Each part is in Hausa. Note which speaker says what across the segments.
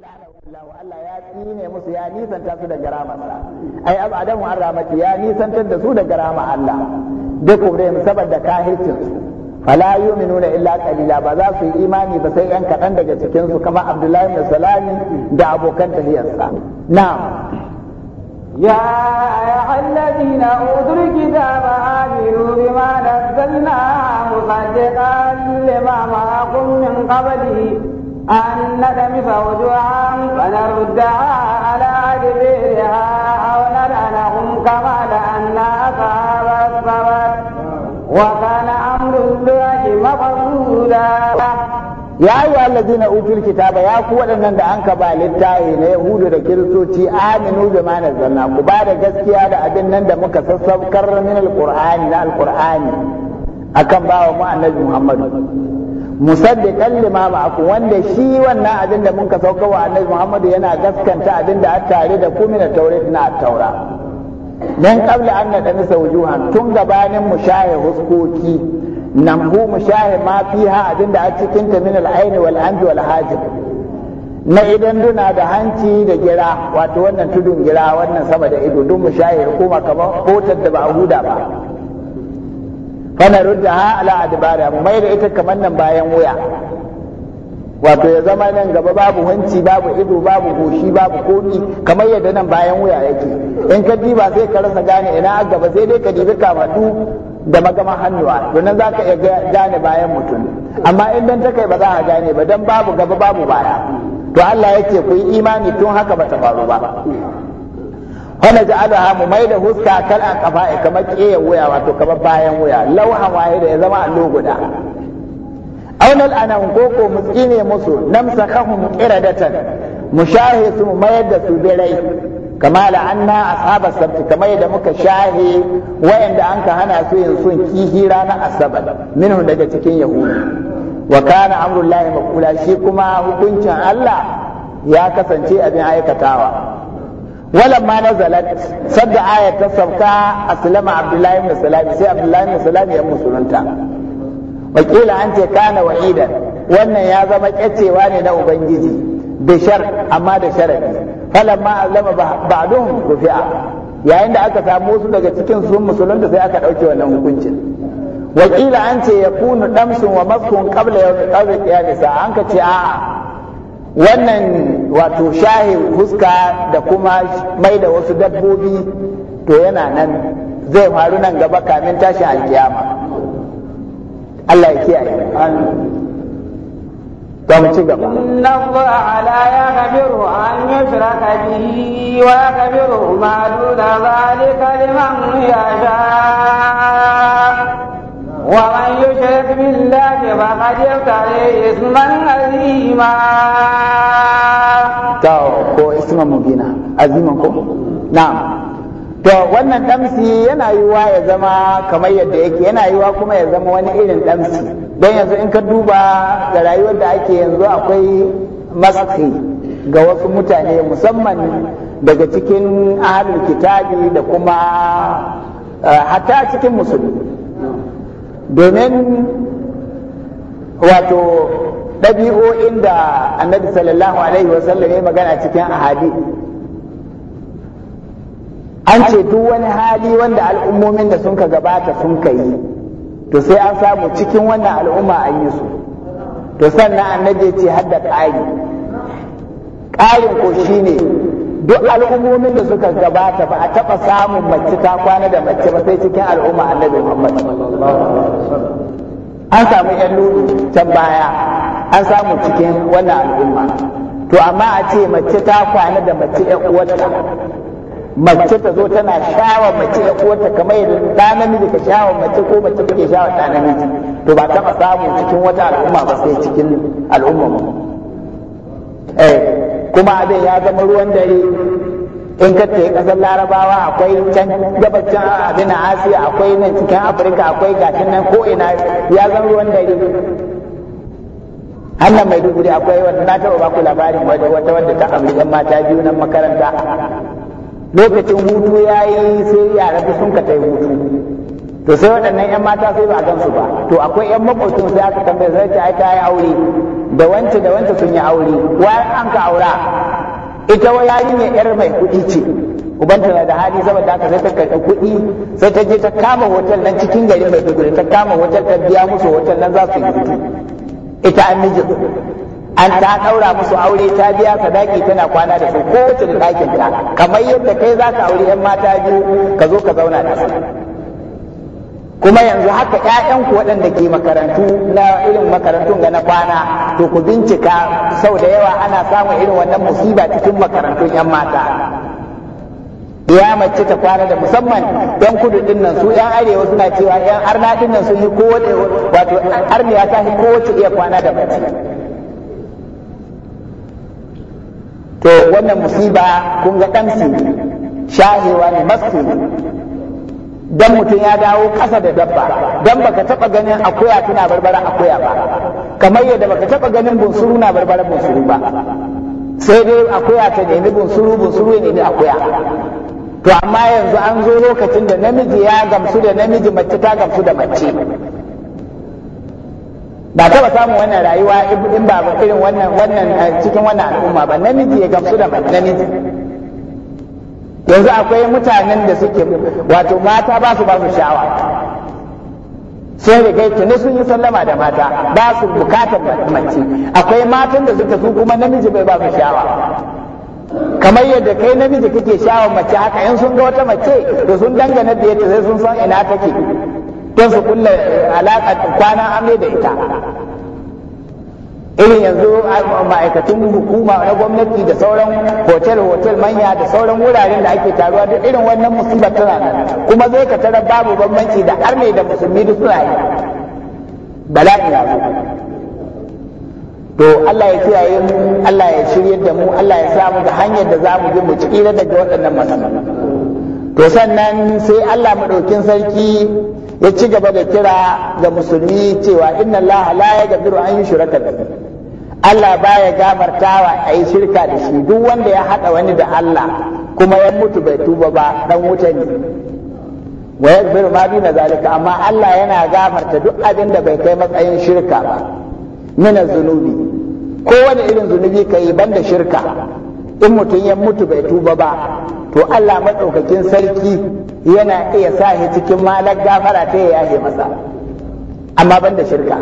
Speaker 1: Allah ya tsine musu ya nisanta su da garamarsa ai an ya nisantar da su da garama Allah da kubrem saboda kahircin su fala yu'minuna illa qalila ba za su yi imani ba sai yan kaɗan daga cikin su kamar Abdullahi bin Salami da abokan tafiyarsa na'am
Speaker 2: يا أيها الذين أوتوا الكتاب آمنوا بما نزلنا مصدقا لما معكم من أن ندمس وجوها فنردها على أدبيرها أو نلعنهم كما لأنا أصحاب السبت وكان أمر الله مقصودا
Speaker 1: ya yi allazina utul kitaba ya ku waɗannan da an ba littafi na yahudu da kiristoci aminu da ma ku ba da gaskiya da abin nan da muka sassaukar min alqur'ani na alqur'ani akan bawa mu annabi muhammadu musaddiqan lima ma'akum wanda shi wannan abin da muka sauka wa annabi Muhammadu yana gaskanta abin da aka tare da ku min at-taurat na at-taura dan qabla an nadani sawjuhan tun gabanin mu shahe huskoki nan hu mu shahe ma fiha abin da a cikin ta min al-ayn wal anfi wal hajib na idan duna da hanci da gira wato wannan tudun gira wannan sama da ido duk mu shahe kuma kamar hotar da ba a huda ba fana rudda ha ala adbara mu mai da ita kamar nan bayan wuya wato ya zama nan gaba babu hanci babu ido babu goshi babu komi kamar yadda nan bayan wuya yake in ka diba sai ka rasa gane ina a gaba sai dai ka dibi kamatu da magama hannuwa domin za ka iya gane bayan mutum amma in dan ta ba za a gane ba dan babu gaba babu baya to Allah yake ku yi imani tun haka ba ta faru ba ji ja'alaha mu mai da huska kal an kafa'i kamar ƙeya wuya wato kamar bayan wuya lauhan waye da ya zama allo guda aunal anan koko mu tsine musu namsakahum iradatan mu shahe su mu mayar da su birai kama na ashabar sabti kamar da muka shahe wayanda an ka hana su yin sun kihi na asabar minhu daga cikin yahudu wa kana amrullahi makula shi kuma hukuncin Allah ya kasance abin aikatawa ولما نزلت صد آية تسبكا أسلم عبد الله بن سلام سي عبد الله بن سلام يا مسلمتا وقيل أنت كان وحيدا وأن يا زمك أتيواني نو بنجيزي بشر أما بشرك فلما أسلم بعضهم رفع yayin da aka samu wasu daga cikin su musulunta sai aka ɗauke wannan hukunci. wakila an ce ya kunu damsun wa maskun qabla yawmi qabla qiyamah an a'a wannan wato shahe huska da kuma mai da wasu dabbobi to yana nan zai faru nan gaba kamin tashin alkiyama Allah ya kiyaye ta mu ci gaba inna
Speaker 2: ala ya kabiru an yushraka bihi wa kabiru ma duna zalika liman sha. ومن يشرك بالله فقد يفتري اسما عظيما
Speaker 1: to كو isma mubina عظيما ko to wannan damsi yana yiwa ya zama kamar yadda yake yana yiwa kuma ya zama wani irin damsi don yanzu in ka duba ga rayuwar da ake yanzu akwai maski ga wasu mutane musamman daga cikin ahalin kitabi da kuma eh, hatta cikin musulmi domin wato ɗabi'o'in da annabi sallallahu alaihi wasallam ya magana cikin ahadi an ce duk wani hali wanda al'ummomin da sun ka gabata sun ka yi to sai an samu cikin wannan al'umma an yi su to sannan annabi ya ce hadda ƙari ƙarin ko shine duk al'ummomin da suka gabata ba a taɓa samun mace ta kwana da mace ba sai cikin al'umma annabi Muhammad an samu yan lulu can baya an samu cikin wannan al'umma to amma a ce mace ta kwana da mace ƴan uwarta mace ta zo tana shawa mace ya kota kamar yadda ɗa namiji ka shawa mace ko mace take shawa ɗa namiji to ba taɓa samu cikin wata al'umma ba sai cikin al'umma mu eh. kuma abin ya zama ruwan dare in ka ce kasar larabawa akwai can gabacin abin asiya akwai nan cikin afirka akwai gashin nan ko ina ya zama ruwan dare hannan mai duguri akwai wanda na taɓa baku labarin wata wadda ta amri yan mata biyu nan makaranta lokacin hutu ya yi sai yara sun ka ta hutu to sai waɗannan 'yan mata sai ba a gansu ba to akwai 'yan makwabcin sai aka tambaye zai ta aika ya aure da wance da wance sun yi aure wa an ka aura ita wa ya yar mai kuɗi ce ubanta da hali saboda haka sai ta karɓi kuɗi sai ta je ta kama hotel nan cikin gari mai duguri ta kama hotel ta biya musu hotel nan za su yi hutu ita an mijin an ta ɗaura musu aure ta biya sadaki tana kwana da su kowace da dakin ta kamar yadda kai za ka aure 'yan mata biyu ka zo ka zauna da su kuma yanzu haka ƴaƴanku waɗanda ke makarantu na irin makarantun ga na kwana to ku bincika sau da yawa ana samun irin wannan musiba cikin makarantun 'yan mata ya mace ta kwana da musamman yan kudu ɗinnan nan su yan arewa suna cewa yan arna ɗin nan sun yi kowace wato arniya ta yi kowace iya kwana da mace to wannan musiba kun ga damsi shahewa ne masu dan mutum ya dawo kasa da dabba dan baka taba ganin akuya tana barbara akuya ba kamar yadda baka taba ganin bunsuru na barbara bunsuru ba sai dai akuya ta nemi bunsuru bunsuru ya nemi akuya to amma yanzu an zo lokacin da namiji ya gamsu da namiji mace ta gamsu da mace ba taba samun wannan rayuwa in ba irin wannan wannan eh, cikin wannan al'umma ba namiji ya gamsu da namiji yanzu akwai mutanen da suke wato mata ba su ba su sha'awa sai da kai tuni sun yi sallama da mata ba su bukatar mace akwai matan da suka su kuma namiji bai ba su sha'awa kamar yadda kai namiji kake sha'awar mace haka in sun ga wata mace da sun dangana da yadda sai sun san ina take don su kulle alaƙa kwana amai da ita irin eh, yanzu ma'aikatun hukuma na gwamnati da sauran hotel-hotel manya da sauran wuraren da ake taruwa duk irin wannan musulman tana nan kuma zai ka tara babu bambanci da arme da musulmi duk suna yi bala'i ya zo to Allah ya kiyaye mu Allah ya shirye da mu Allah ya sa mu da hanyar da za mu bi mu daga waɗannan matsalolin to sannan sai Allah maɗaukin sarki ya ci gaba da kira ga musulmi cewa inna Allah la yaghfiru an yushraka bihi Allah baya gafartawa a yi shirka da shi duk wanda ya haɗa wani da Allah kuma ya mutu bai tuba ba ɗan wuta ne wa yaghfiru ma na zalika amma Allah yana gafarta duk abin da bai kai matsayin shirka ba mina zunubi kowane irin zunubi ban banda shirka in mutum ya mutu bai tuba ba to Allah maɗaukakin sarki yana iya sa shi cikin malar gafara ta ya yahe masa amma banda shirka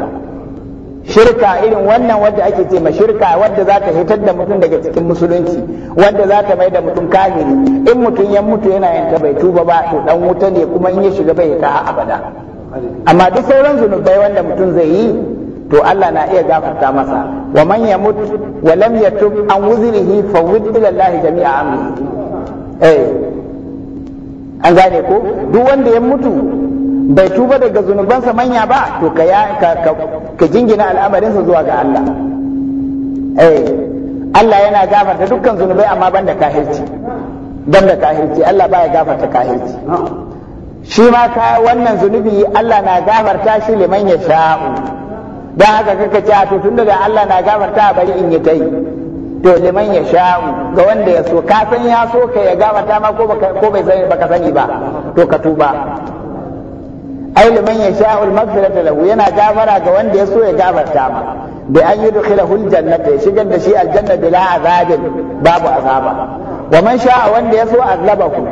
Speaker 1: shirka irin wannan wadda ake ce ma shirka wadda za ta hitar da mutum daga cikin musulunci wadda za ta mai da mutum kafiri in mutum ya mutu yana yanta bai tuba ba to dan wuta ne kuma in ya shiga bai ta abada amma duk sauran zunubai wanda mutum zai yi to Allah na iya gafarta masa wa man yamut wa lam yatub an wuzrihi fa Allah jami'a amri eh an gane ko duk wanda ya mutu bai tuba daga zunubansa manya ba to ka ka jingina al'amarinsa zuwa ga Allah eh Allah yana gafarta dukkan zunubai amma ban da kahirci ban da kahirci Allah baya gafarta kahirci shi ma ka wannan zunubi Allah na gafarta shi liman ya sha'u don haka kaka ce to tun daga Allah na gafarta bari in yi kai, to liman ya sha'u ga wanda ya so ka san ya so ka ya gabata ma ko ba ko bai sani baka sani ba to ka tuba ai liman yasha'u al-maghfirata lahu yana gafara ga wanda ya so ya gafarta ma bi an yudkhilahu al-jannata ya shigar da shi aljanna bila azabin babu azaba wa man sha'a wanda ya so azabahu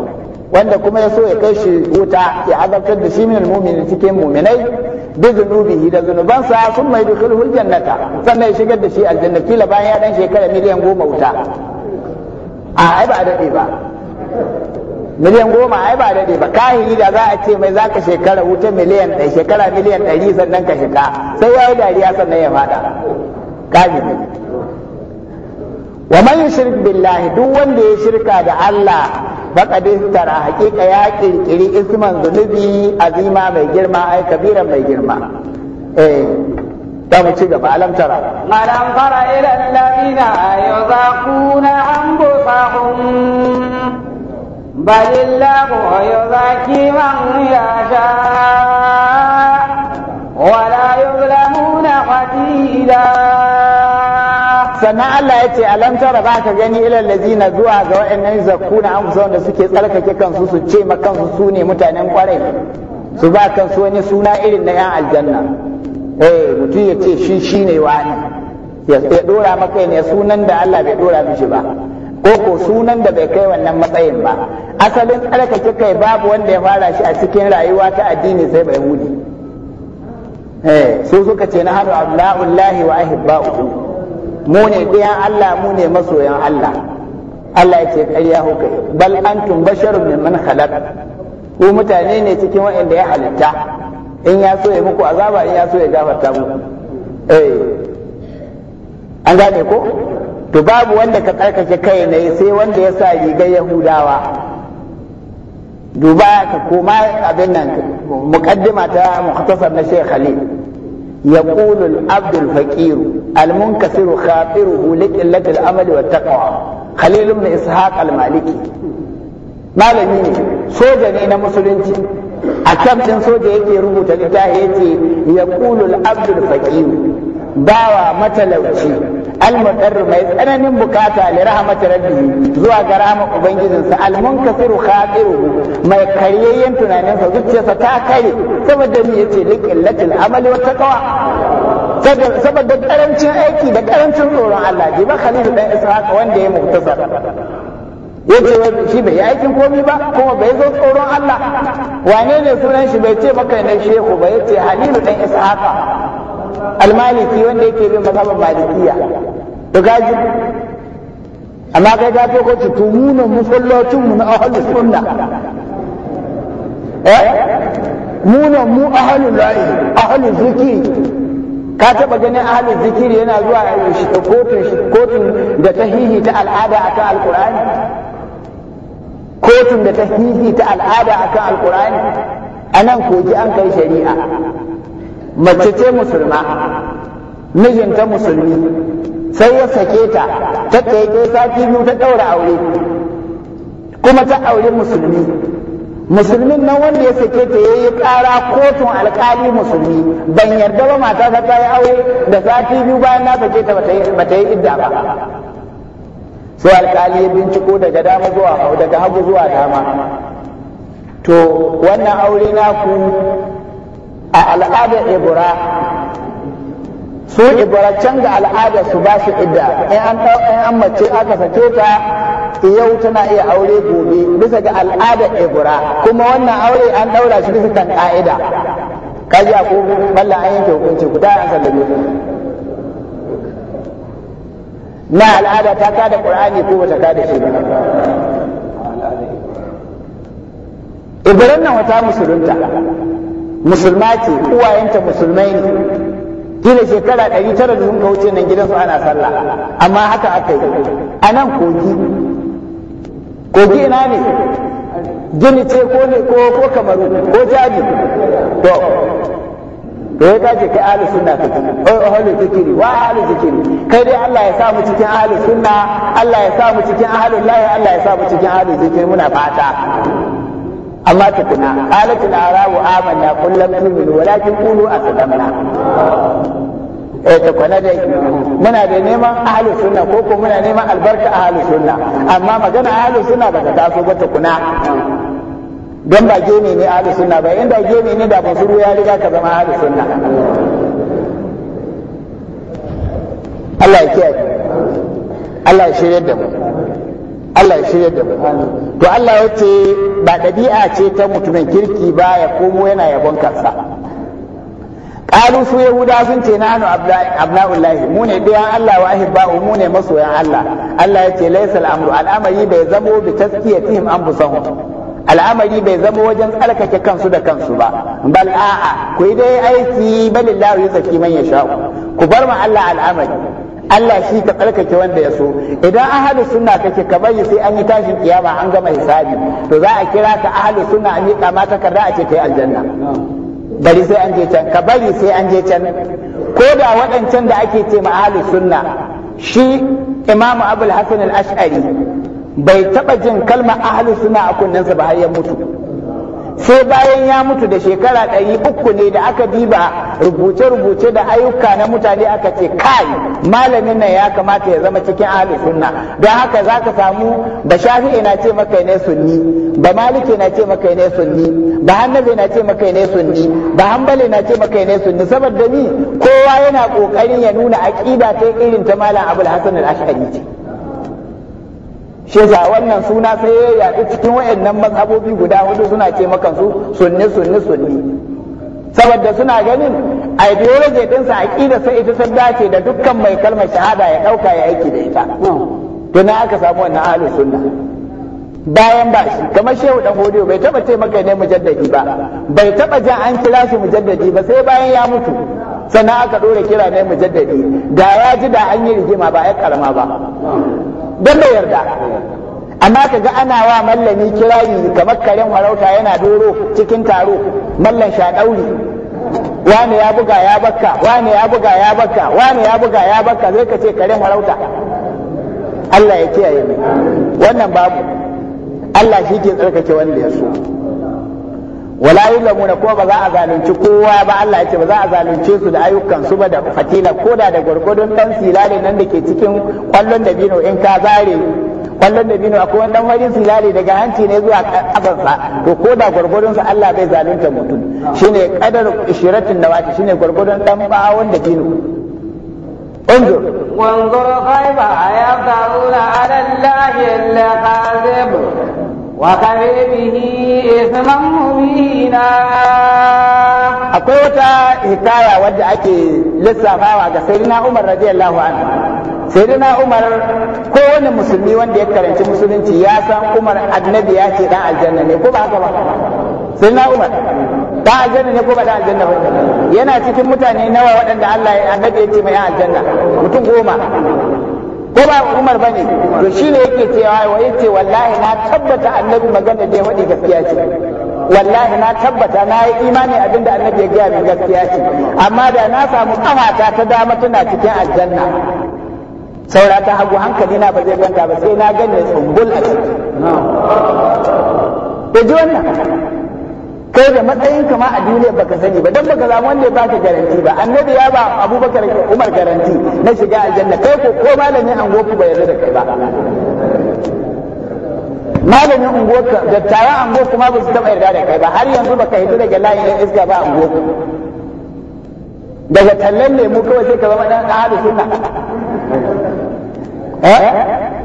Speaker 1: wanda kuma ya so ya kai shi wuta ya azabtar da shi min al-mu'minin cikin mu'minai bi zunubihi da zunubansa sun mai dukhilahu al-jannata sannan ya shigar da shi aljanna kila bayan ya dan shekara miliyan goma wuta a ai ba a dade ba miliyan goma ai ba daɗe ba kahiri da za a ce mai za ka shekara wuta miliyan ɗaya shekara miliyan ɗari sannan ka shiga sai ya yi dariya sannan ya fada kahiri wa man yushrik billahi duk wanda ya shirka da Allah faqad istara haqiqa ya kirkiri isman zunubi azima mai girma ai Kabira mai girma eh ta mu ci gaba alam tara
Speaker 2: alam fara ila alladina yuzaquna anfusahum بل الله يزكي من يشاء ولا يظلمون فتيلا
Speaker 1: sannan Allah ya ce alam tara ba ka gani ilal lazina zuwa ga waɗannan zakuna na kusa wanda suke tsarkake kansu su ce ma kansu su ne mutanen kwarai su ba kansu wani suna irin na yan aljanna eh mutum ya ce shi shine wani ya dora maka ne sunan da Allah bai dora mishi ba ko ko sunan da bai kai wannan matsayin ba asalin tsarkake kai babu wanda ya fara shi a cikin rayuwa ta addini sai bai wuni eh su suka ce na hadu abdullahi wa ahibba'u mu ne ɗiyan Allah mu ne masoyan Allah Allah ya ce ƙarya hukai bal antum basharun man khalaq ku mutane ne cikin waɗanda ya halitta in ya so ya muku azaba in ya so ya gafarta muku eh an gane ko to babu wanda ka tsarkake kai ne sai wanda ya sa rigar yahudawa duba ka koma abin nan muqaddima ta mukhtasar na Sheikh Khalil يقول firu الفقير المنكسر خاطره لقلة الأمل والتقوى خليل بن إسحاق المالكي malami ne soja ne na musulunci a kamcin soja yake rubuta littafi yace yaqulu al-abdu al-faqir bawa matalauci almudarru mai tsananin bukata li rahmatir rabbi zuwa ga rahmar Almun almunkasiru khatiru mai karyayyen tunaninsa zuciyarsa ta kare saboda me yace liqillatil amali wa taqwa saboda karancin aiki da karancin tsoron Allah ji khalilu dan ishaq wanda ya muktasar yace shi bai aikin komi ba kuma bai zo tsoron Allah wane ne sunan shi bai ce maka ne shehu ba yace halilu ɗan ishaqa almaliki wanda yake bin mazhaban malikiya to gaji amma kai ta ko ci tumunan musallacin mu na ahlus sunna eh munan mu ahlul ra'i ahlul zikri ka taba ganin ahlul zikiri yana zuwa kotun kotun da tahihi ta al'ada akan alqur'ani kotun da tahihi ta al'ada akan alqur'ani anan koji an kai shari'a mace ce musulma mijinta musulmi sai ya sake ta ta kai sati biyu ta ɗaura aure kuma ta aure musulmi musulmin nan wanda ya sake ta ya yi ƙara kotun alƙali musulmi ban yarda ba mata ta ta yi aure da sati biyu bayan na sake ta ba ta yi idda ba sai alƙali ya binciko daga dama zuwa daga hagu zuwa dama to wannan aure na ku. a al'adar ibura, su ibracen da al'adar su ba su idda in an an mace aka sake ta yau tana iya aure gobe bisa ga al'adar ibura. kuma wannan aure an daura shi bisa kan ka'ida a ko balla an yanke hukunci guda a sallame na al'ada ta kada qur'ani ko bata kada shi ba ibran nan wata musulunta musulma ce uwayenta musulmai ne kila shekara ɗari tara da sun wuce nan gidansu ana sallah amma haka aka yi a nan kogi kogi ina ne gini ce ko ne ko ko kamaru ko jaji to to ya kace kai ahli sunna ka oh ahli zikiri wa ahli zikiri kai dai Allah ya sa mu cikin ahli sunna Allah ya sa mu cikin ahli Allah ya sa mu cikin ahli zikiri muna fata amma tukuna qalatul arabu amanna qul lam tu'minu walakin qulu aslamna eh ta kwana dai muna da neman ahlus sunna ko ko muna neman albarka ahlus sunna amma magana ahlus sunna ba ta taso ba tukuna don ba gene ne ahlus sunna ba inda gene ne da basuru ya riga ka zama ahlus sunna Allah ya kiyaye Allah ya shirye da mu Allah ya shirya da mu to Allah ya ce ba ɗabi'a ce ta mutumin kirki ba ya komo yana yabon kansa qalu su yahuda sun ce na nahnu abna'ullahi mu ne biyan Allah wa ahibba mu ne masoyan Allah Allah ya ce laysal amru al'amari bai zamo bi an anfusahum al'amari bai zamo wajen tsarkake kansu da kansu ba bal a'a ku yi dai aiki balillahi yuzaki man yasha ku bar ma Allah al'amari Allah shi ka tsarkake wanda ya so idan ahalu sunna kake ka bari sai an yi tashin kiyama an gama hisabi to za a kira ka ahalu sunna an yi kama takarda a ce kai aljanna bari sai an je can ka bari sai an je can ko da waɗancan da ake ce ma ahalu sunna shi imamu abul hasan al-ash'ari bai taɓa jin kalmar ahalu sunna a kunnensa ba har ya mutu sai bayan ya mutu da shekara ɗari uku ne da aka diba rubuce-rubuce da ayyuka na mutane aka ce kai malamin nan ya kamata ya zama cikin ahli sunna don haka za ka samu ba shafi'i na ce maka ne sunni ba maliki na ce maka ne sunni ba hannabi na ce maka ne sunni ba hambali na ce maka ne sunni saboda ni kowa yana kokarin ya nuna aqida ta irin ta malam abul hasan al-ash'ari ce shi yasa wannan suna sai ya yaɗu cikin wayannan mazhabobi guda hudu suna ce maka su sunni sunni sunni saboda suna ganin ideology din sa aqida sai ita ta dace da dukkan mai kalmar shahada ya dauka ya aiki da ita to na aka samu wannan ahlus sunna bayan ba shi kamar shehu dan hodiyo bai taba taimaka ne mujaddadi ba bai taba jan an kira shi mujaddadi ba sai bayan ya mutu sannan aka dora kira ne mujaddadi da ya ji da an yi rigima ba ya karama ba don bai yarda amma ka ga ana wa mallami kirayi kamar karen warauta yana doro cikin taro mallan shaɗauri Wani ya buga ya bakka wani ya buga ya bakka wani ya buga ya bakka zai ka ce karen warauta. Allah ya kiyaye mu wannan babu Allah shi ke tsarkake wanda ya so wala yulamuna ko ba za a zalunci kowa ba Allah ya ce ba za a zalunce su da ayyukan su ba da fatila ko da da gwargwadon dan silale nan da ke cikin kwallon da bino in ka zare kwallon da bino akwai wannan farin silale daga hanci ne zuwa sa to ko da gwargwadon sa Allah bai zalunta mutum shine kadar ishiratin nawati shine gwargwadon dan bawon da
Speaker 3: bino انظر
Speaker 2: وانظر كيف يفترون على الله الكاذب وكفي به إثما مبينا
Speaker 1: akwai wata hikaya wadda ake lissafawa ga sayyidina Umar radiyallahu anhu sayyidina Umar kowane musulmi wanda ya karanci musulunci ya san Umar annabi ya ce dan aljanna ne ko ba haka ba sayyidina Umar dan aljanna ne ko ba dan aljanna ba yana cikin mutane nawa waɗanda Allah ya annabi ya ce aljanna goma ko ba Umar bane to shine yake cewa wa yace wallahi na tabbata annabi magana da ya gaskiya ce wallahi na tabbata na yi imani abin da annabi ya gaya min gaskiya ce amma da na samu kafata ta dama tana cikin aljanna saura ta hagu hankali na ba zai ganta ba sai na gane tsumbul a ciki. Ku ji wannan kai da matsayin kama a duniya baka sani ba dan baka zama wanda ya baka garanti ba annabi ya ba abubakar umar garanti na shiga aljanna kai ko ko malamin angoku bai yarda da kai ba malamin unguwarka tara angoku ma ba su taba yarda da kai ba har yanzu baka yi daga layin yan iska ba angoku daga tallan lemu kawai sai ka zama dan ahlus sunna eh?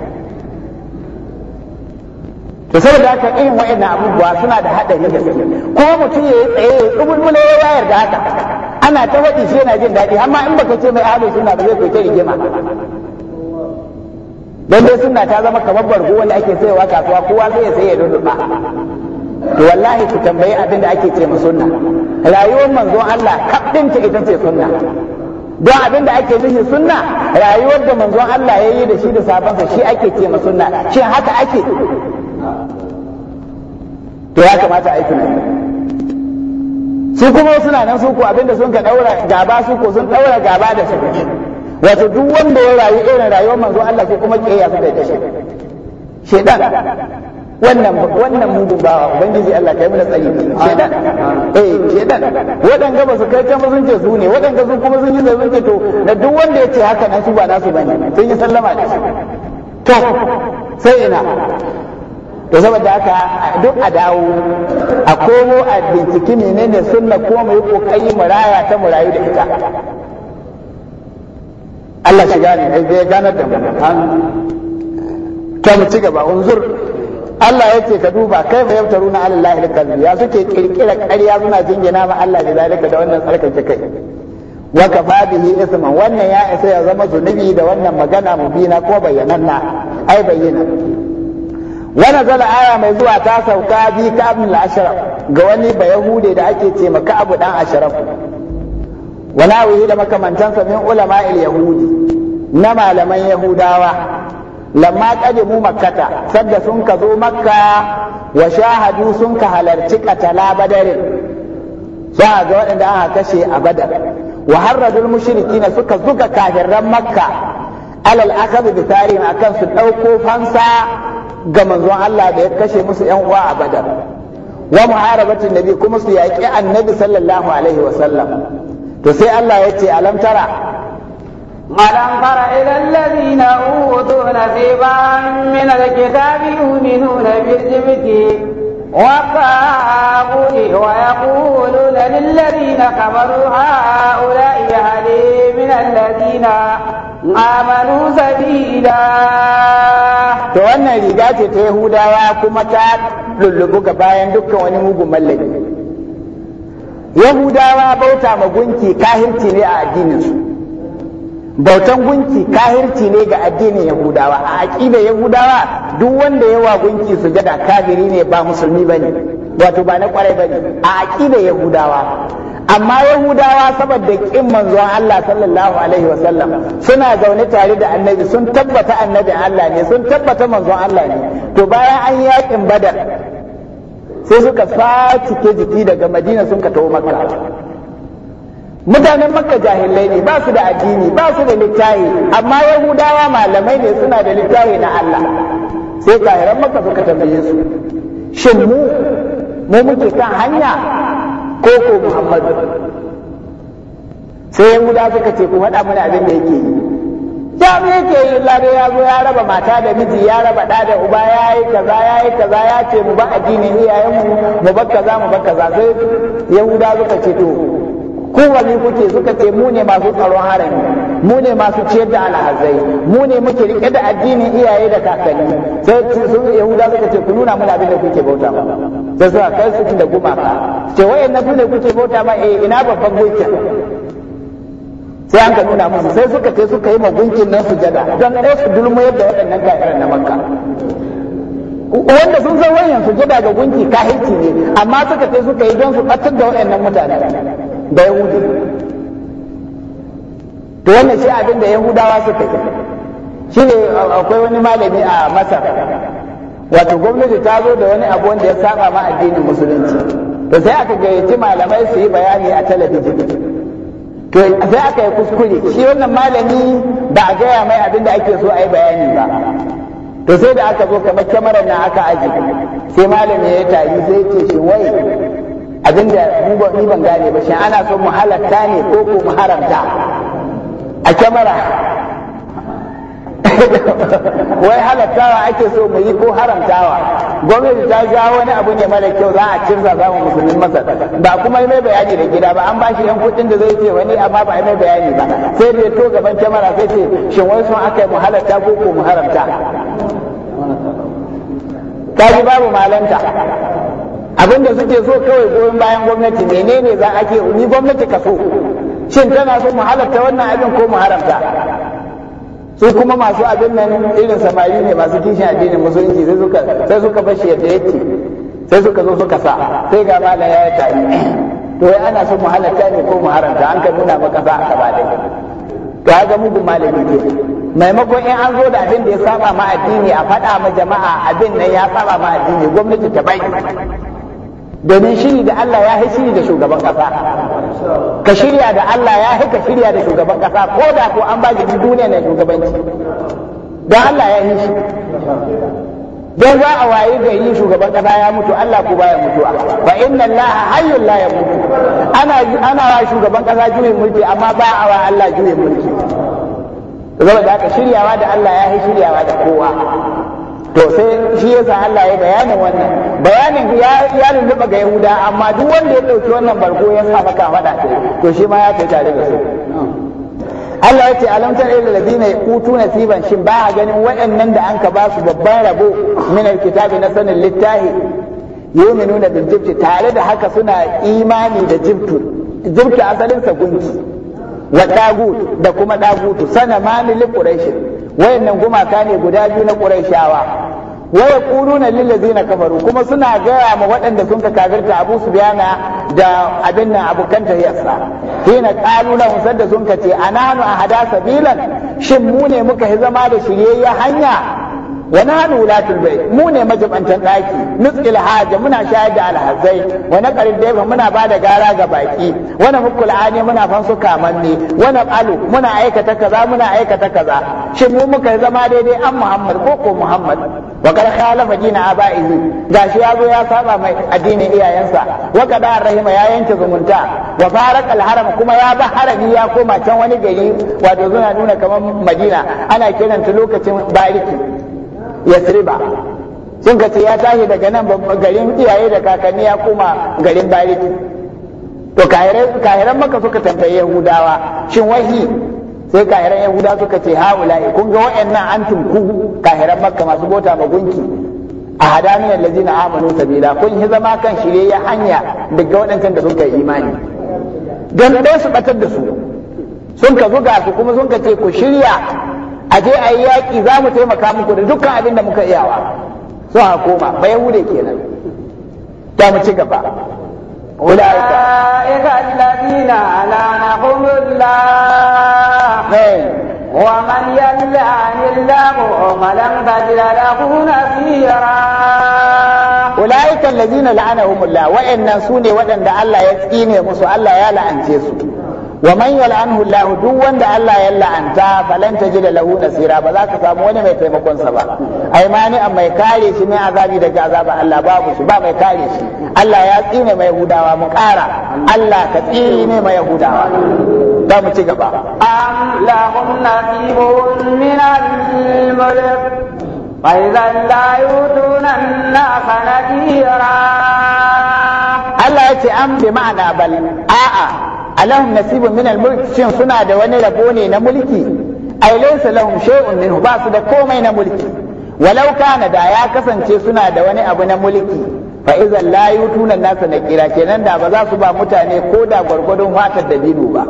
Speaker 1: da saboda haka irin wa'annan abubuwa suna da haɗari gaske ko mutum ya yi tsaye dubulmula ya wayar da haka ana ta faɗi shi yana jin daɗi amma in baka ce mai ahlus sunna ba zai koke rigima don dai sunna ta zama kamar bargo wanda ake sayawa kasuwa kowa zai sai ya dudduba to wallahi ku tambayi abin da ake ce sunna rayuwar manzon Allah ta ita ce sunna don abin da ake nufi sunna rayuwar da manzon Allah ya yi da shi da sabansa shi ake ce sunna shin haka ake to ya kamata a yi tunani su kuma suna nan su ko abinda sun ka daura gaba su ko sun daura gaba da shi wato duk wanda ya rayu irin rayuwar manzo Allah ke kuma kiyaya su da shi shedan wannan wannan mugun bawa ubangiji Allah kai mana tsari shedan eh shedan wadanga ba su kai kan sun ce su ne wadanga su kuma sun yi zai ce to na duk wanda ya ce haka nan su ba nasu bane sun yi sallama da shi to sai ina to saboda haka duk a dawo a komo a binciki menene sunna ko mu yi kokari mu ta mu da ita Allah shi gane ai zai ganar da mu an ta mu ci gaba unzur Allah ya ce ka duba kai fa yaftaruna ala Allah al ya suke kirkira ƙarya suna jingina ma Allah da zalika da wannan tsarkake kai wa kafa bihi isman wannan ya isa ya zama zunubi da wannan magana mubina ko bayyananna ai bayyana wani zala aya mai zuwa ta sauka bi ka abin ashraf ga wani ba yahude da ake ce maka abu dan ashraf wala wuhi da makamantansa min ulama il yahudi na malaman yahudawa lamma mu makkata sadda sun ka zo makka wa shahadu sun ka halarci katala badarin za ga waɗanda aka kashe a badar wa harradul na suka zuga kafiran makka alal akhadh bi tarihin akan su dauko fansa ga manzon Allah da ya kashe musu yan uwa a badar wa muharabatin nabi kuma su yaƙi annabi sallallahu alaihi wa sallam to sai Allah ya ce alam tara
Speaker 2: alam tara ila alladhina utu nasiban min alkitabi yu'minuna bil وقابل ويقول للذين كفروا هؤلاء هدي من الذين آمنوا سبيلا
Speaker 1: to wannan riga ce ta yahudawa kuma ta lullubu ga bayan dukkan wani mugun mallaki yahudawa bauta ma gunki ne a addininsu bautan gunki kahirci ne ga addinin yahudawa a aƙida yahudawa duk wanda ya wa gunki sujada kafiri ne ba musulmi bane wato ba na kwarai bane a aƙida yahudawa amma yahudawa saboda kin manzon Allah sallallahu alaihi wasallam suna zaune tare da annabi sun tabbata annabi Allah ne sun tabbata manzon Allah ne to bayan an yakin badar sai suka cike jiki daga madina sun ka taho makka mutanen makka jahilai ne ba su da addini ba su da littahi amma yahudawa malamai ne suna da littahi na Allah sai kahiran makka suka tambaye su shin mu mu muke kan hanya ko ko muhammadu sai yahudawa suka ce ku faɗa mana abin da yake yi da me yake yi lare ya zo ya raba mata da miji ya raba da da uba ya yi kaza ya yi kaza ya ce mu ba addini addinin iyayenmu mu ba kaza mu ba kaza sai yahudawa suka ce to kowane kuke suka ce mu ne masu tsaron harami mu ne masu ciyar da alhazai mu ne muke rike da addinin iyaye da kakanni sai su yahuda suka ce ku nuna mana abin da kuke bauta ba sai suka kai su da gumaka ce wayannan su ne kuke bauta ba eh ina babban gunkin sai an ka nuna musu sai suka ce suka yi magunkin gunkin su jada don ɗaya su dulmu yadda waɗannan kafiran na makka wanda sun san wayan jada ga gunki kahinci ne amma suka ce suka yi don su ɓatar da waɗannan mutane da yahudi to wannan shi abin da yahudawa suka yi shi ne akwai wani malami a masar wato gwamnati ta zo da wani abu wanda ya saba ma addinin musulunci to sai aka gayyaci malamai su yi bayani a talabijin to sai aka yi kuskure shi wannan malami ba a gaya mai abin da ake so a yi bayani ba to sai da aka zo kamar kyamarar na aka aji sai malami ya tayi sai ce shi wai abinda ni ban gane ba shi ana so mu halatta ne ko ko mu haramta a kyamara wai halattawa ake so mu yi ko haramtawa gwamnati ta ja wani abu ne mara kyau za a cinza za mu musulmin masa ba kuma yi mai bayani da gida ba an ba shi yan kuɗin da zai ce wani amma ba mai bayani ba sai da to gaban kyamara sai ce shin wai sun aka yi mu halatta ko ko mu haramta ta babu malanta abin da suke so kawai goyon bayan gwamnati menene za a ke ni gwamnati ka so shin tana so mu halatta wannan abin ko mu haramta su kuma masu abin nan irin samari ne masu kishin addinin musulunci sai suka sai suka bashi yadda yake sai suka zo suka sa sai ga malam ya yi tari to wai ana so mu halatta ne ko mu haramta an kan nuna maka za a ba dai ga mugun malami ke maimakon in an zo da abin da ya saba ma addini a faɗa ma jama'a abin nan ya saba ma addini gwamnati ta bai domin shiri da Allah ya shiri da shugaban kasa ka shirya da Allah ya ka shirya da shugaban kasa ko da ko an baki duniya na shugabanci don Allah ya haifi. shi don za a waye da yi shugaban kasa ya mutu Allah ko baya mutuwa ba inna Allah hayyul la yamutu ana ana wa shugaban kasa juyin mulki amma ba a wa Allah juyin mulki saboda aka shiryawa da Allah ya shiryawa da kowa to sai shi ya sa Allah ya bayanin wannan bayanin ya ya lulluɓa ga Yahuda amma duk wanda ya ɗauki wannan barko ya sa maka faɗa to shi ma ya kai tare da su Allah ya ce alam tara ilal ladina yaqutu nasiban shin ba ganin waɗannan da anka ba su babban rabo min alkitabi na sanin littahi yu'minuna bil jibti tare da haka suna imani da jibtu jibtu asalin sa gunki wa dagut da kuma dagutu sana mani li quraish wayannan gumaka ne guda biyu na quraishawa wa yaquluna lil ladzina kafaru kuma suna gaya ma waɗanda sun ka kafirta Abu Sufyana da abin nan abukan tahiyarsa hina qalu lahu sadda sun ka ce anahu ahada sabilan shin mu ne muka hi zama da shiryayya hanya wa nahnu wulatul bayt mu ne majibantan daki nutsil haja muna shayar da alhazai wa naqarin daifa muna ba da gara ga baki wa namukul ani muna fansu kamanni wa nabalu muna aikata kaza muna aikata kaza shin mu muka zama daidai an muhammad ko ko muhammad wa kar khalafa dina abaihi gashi ya zo ya saba mai addinin iyayensa wa kada rahima ya yanke zumunta wa farak alharam kuma ya ba harami ko koma wani gari wato zuna nuna kamar madina ana kiranta lokacin bariki yasriba sun ka ya tashi daga nan garin iyaye da kakanni ya koma garin bariki to kahiran maka suka tambayi yahudawa shin wahi sai kahiran yahudawa suka ce haula kun ga wa'annan an tunku kahiran maka masu bota ma gunki a hadanin na amanu sabila kun yi zama kan shirye hanya daga waɗancan da suka yi imani don ɗaya su batar da su sun ka zuga su kuma sun ka ce ku shirya a je a yi yaƙi za mu taimaka muku da dukkan abin da muka iyawa so ha koma ba yahude kenan ta mu ci gaba
Speaker 2: أولئك الذين لعنهم الله ومن يلعن الله فلن تجد له نصيرا
Speaker 1: أولئك الذين لعنهم الله
Speaker 2: وإن سوني
Speaker 1: ya الله يتقيني Allah الله يلعن su. wa man yal'anhu Allah duk wanda Allah ya la'anta falan tajida lahu nasira ba za ka samu wani mai taimakon sa ba ai mani an mai kare shi mai azabi daga azaba Allah babu shi ba mai kare shi Allah ya tsine mai hudawa mu kara Allah ka tsine mai hudawa da mu ci gaba
Speaker 2: am lahum nasibun min al-mulk fa idan la yutuna nakira Allah
Speaker 1: ya ce am ma'ana bal a'a alahum nasibun min al-mulk shin suna da wani rabo ne na mulki ai laysa lahum shay'un minhu ba su da komai na mulki walau kana da ya kasance suna da wani abu na mulki fa idan la yutuna nasa na kira kenan da ba za su ba mutane ko da gwargwadon fatar da dino ba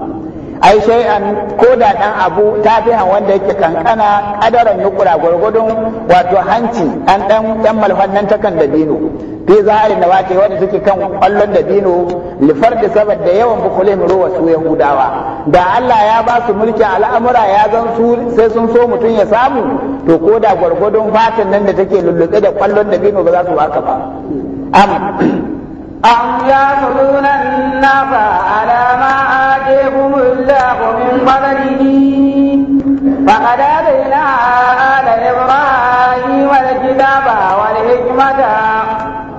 Speaker 1: ai shay'an ko da dan abu tafihan wanda yake kankana kadaran nukura gwargwadon wato hanci an dan dan malfan nan takan da dino fi zahirin da wace wanda suke kan kwallon da dino lifar da saboda yawan bukulin ruwa su yahudawa da Allah ya ba su mulkin al'amura ya zan su sai sun so mutum ya samu to ko da gwargwadon fatan nan da take lulluɓe da kwallon da dino ba za su baka ba am
Speaker 2: أم يحسدون الناس على ما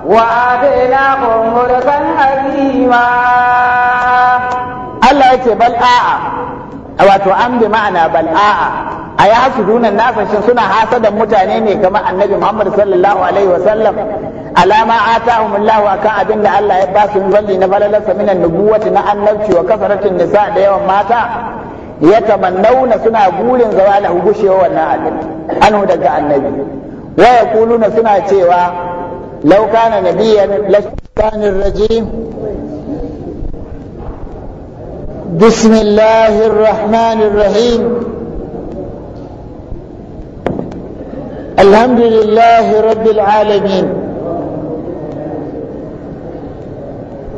Speaker 2: وآتيناكم ملكا عظيما الله يتي
Speaker 1: wato an bi ma'ana bal'a'a a ya hasuduna nasa suna hasada mutane ne kamar annabi Muhammad sallallahu alaihi wa alama atahum Allah akan abin da Allah ya basu zalli na falalarsa minan wata na annabci wa kasarcin nisa da yawan mata ya tamannauna suna gurin da gushewa wannan abin anhu daga annabi waya Kuluna suna cewa لو كان نبيا لكان الرجيم بسم الله الرحمن الرحيم الحمد لله رب العالمين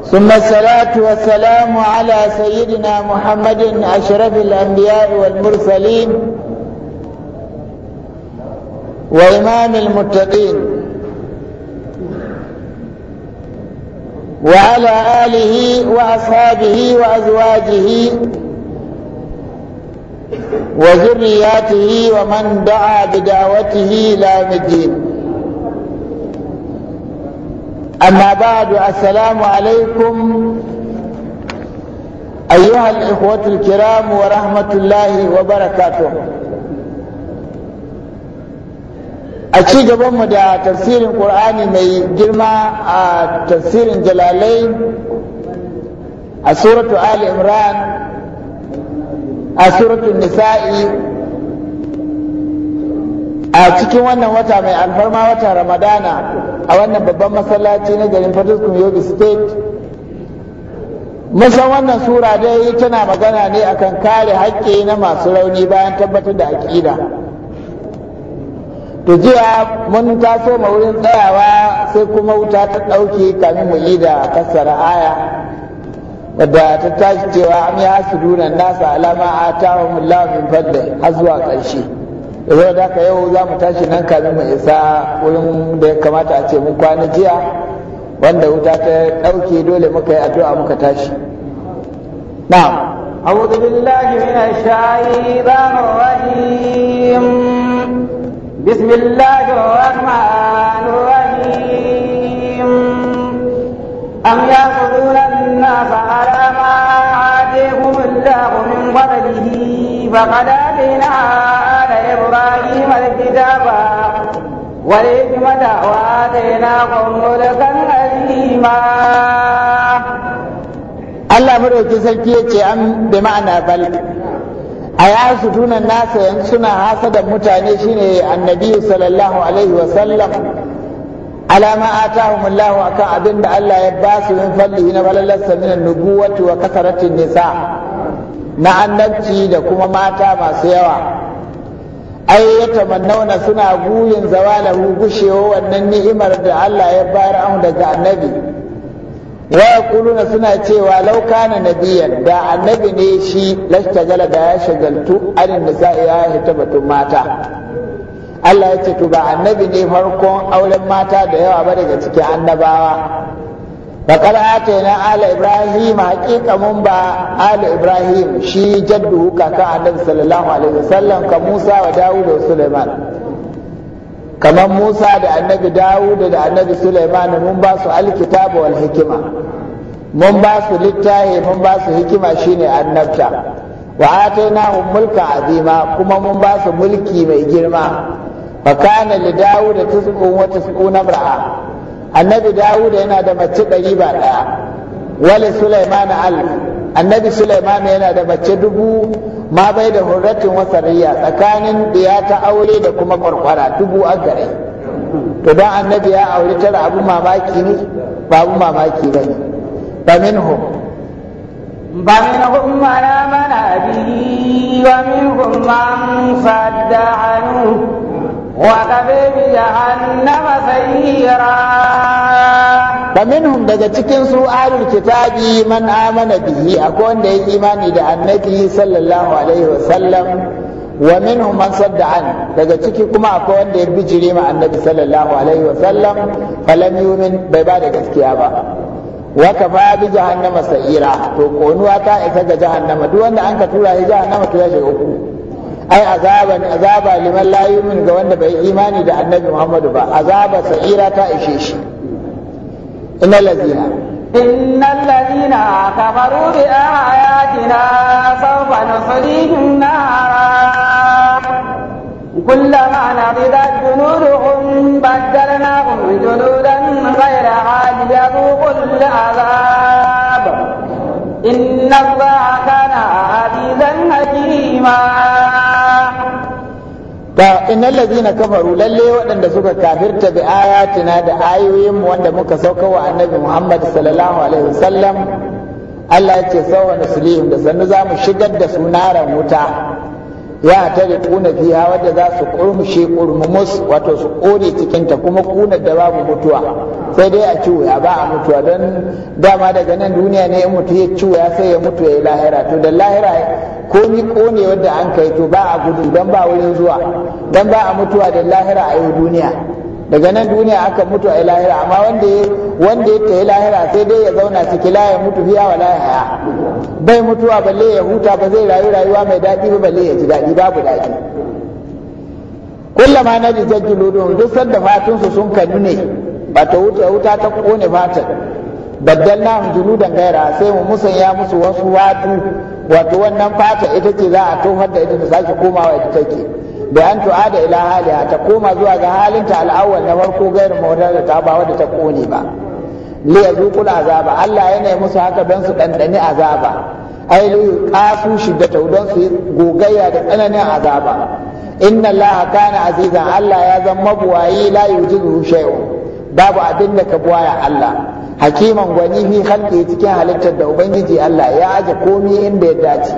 Speaker 1: ثم الصلاة والسلام على سيدنا محمد أشرف الأنبياء والمرسلين وإمام المتقين وعلى آله وأصحابه وأزواجه وذرياته ومن دعا بدعوته لا الدين أما بعد السلام عليكم أيها الإخوة الكرام ورحمة الله وبركاته a ci gabanmu da tafsirin ƙur'ani mai girma a tafsirin jalalai a suratu ali imran a suratu nisa'i a cikin wannan wata mai alfarma wata ramadana a wannan babban masallaci na garin fadiskun yobe state musan wannan sura dai tana magana ne akan kare haƙƙi na masu rauni bayan tabbatar da aƙida. to jiya mun taso ma wurin tsayawa sai kuma wuta ta ɗauke kamin mu yi da fassara aya wadda ta tashi cewa an yi dunan nasa alama a tawa mulla min fadda har zuwa ƙarshe yau da ka yau za mu tashi nan kamin mu isa wurin da ya kamata a ce mun kwana jiya wanda wuta ta ɗauke dole muka yi addu'a muka tashi na'am أعوذ بالله من الشيطان
Speaker 2: الرجيم بسم الله الرحمن الرحيم أم
Speaker 3: يأخذون
Speaker 2: الناس على ما آتيهم الله من فضله فقد آتينا آل إبراهيم الكتاب والحكمة وآتيناهم ملكا عظيما
Speaker 1: Allah madaukin sarki ya ce an bi ma'ana bal a ya tunan nasa yan suna hasada mutane shine annabi sallallahu alaihi wasallam alama atahum Allah akan abin da Allah ya ba su min fallihi na balallarsa min nubuwati wa kasaratin nisa na annabci da kuma mata masu yawa ai ya tamannauna suna guyin zawalahu gushewa wannan ni'imar da Allah ya bayar an daga annabi wa suna cewa law na nabiyan da annabi ne shi lashtagala da ya shagaltu da za ya ta batun mata Allah ya ce to ba annabi ne farkon auren mata da yawa ba daga cikin annabawa Ba bakar ataina ala ibrahim haƙiƙa mun ba ala ibrahim shi jaddu kaka annabi sallallahu alaihi wasallam ka musa wa dawud wa sulaiman kamar Musa da annabi Dawud da annabi Sulaiman mun ba su alkitaba wal hikima mun ba su littafi mun ba su hikima shine annabta wa atainahum mulka azima kuma mun ba su mulki mai girma fa kana li wa tisquna mar'a annabi Dawud yana da mace ɗari ba ɗaya wali Sulaiman alf annabi Sulaiman yana da mace dubu ma bai da hurratin wasariya tsakanin da ya ta aure da kuma kwarkwara dubu a gare to don annabi ya aure tara abu mamaki ne ba abu mamaki ba ne ba hu
Speaker 2: ba minhum ma na mana bihi wa hu ma sadda hannu wa kabe bi jahannama
Speaker 3: sayyira فمنهم daga cikin su ahlul
Speaker 1: kitabi man amana bihi akwai wanda ya imani da annabi sallallahu alaihi wasallam wa minhum man an daga ciki kuma akwai ya bijire ma annabi sallallahu alaihi bai ba da gaskiya ba wa kafa bi jahannama sa'ira to konuwa ta isa ga jahannama duk wanda an ka tura shi jahannama to uku ai liman la ga wanda bai imani da annabi muhammadu ba
Speaker 2: azaba sa'ira ta ishe shi إلا الذين إن الذين كفروا بآياتنا سوف نصليهم نارا كلما نضجت جنودهم بدلناهم جنودا غيرها ليذوقوا العذاب إن الله كان عزيزا حكيما
Speaker 1: ta innal ladzina kafaru lalle waɗanda suka kafirta bi ayatina da ayoyin mu wanda muka sauka wa annabi Muhammad sallallahu alaihi wasallam Allah ya ce sawa da sannu za mu shigar da su naran wuta ya tare kuna fiya wadda za su kurmushe kurmumus wato su kore cikin ta kuma kunar da babu mutuwa sai dai a ciwaya ba a mutuwa don dama daga nan duniya ne ya mutu ya ciwo ya sai ya mutu ya lahira to da lahira ko ni kone wanda an kai to ba a gudu dan ba wurin zuwa don ba a mutuwa da lahira a yau duniya daga nan duniya aka mutu a lahira amma wanda ya wanda ya lahira sai dai ya zauna ciki la ya mutu fiya wala ya bai mutuwa balle ya huta ba zai rayu rayuwa mai daɗi ba balle ya ji daɗi babu daɗi kullama na ji jajjuludun duk sanda fatunsu sun kanu ne ba ta wuta wuta ta kone fatan baddalna dan gaira sai mu musanya musu wasu watu wato wannan fata ita ce za a tofar da ita ta sake komawa ita take da an tu'ada ila haliha ta koma zuwa ga halinta al'awwal na farko gairin mawadar da ta ba wadda ta kone ba li yazuqul azaba Allah yana yi musu haka don su ɗanɗani azaba ai li qasu shiddata don su gogayya da tsananin azaba inna Allah kana azizan Allah ya zama mabuwayi la yujizu shay'un babu abin da ka buwaya Allah hakiman Gwanyi ne halbe cikin halittar da ubangiji, Allah ya aje ko miki inda ya dace,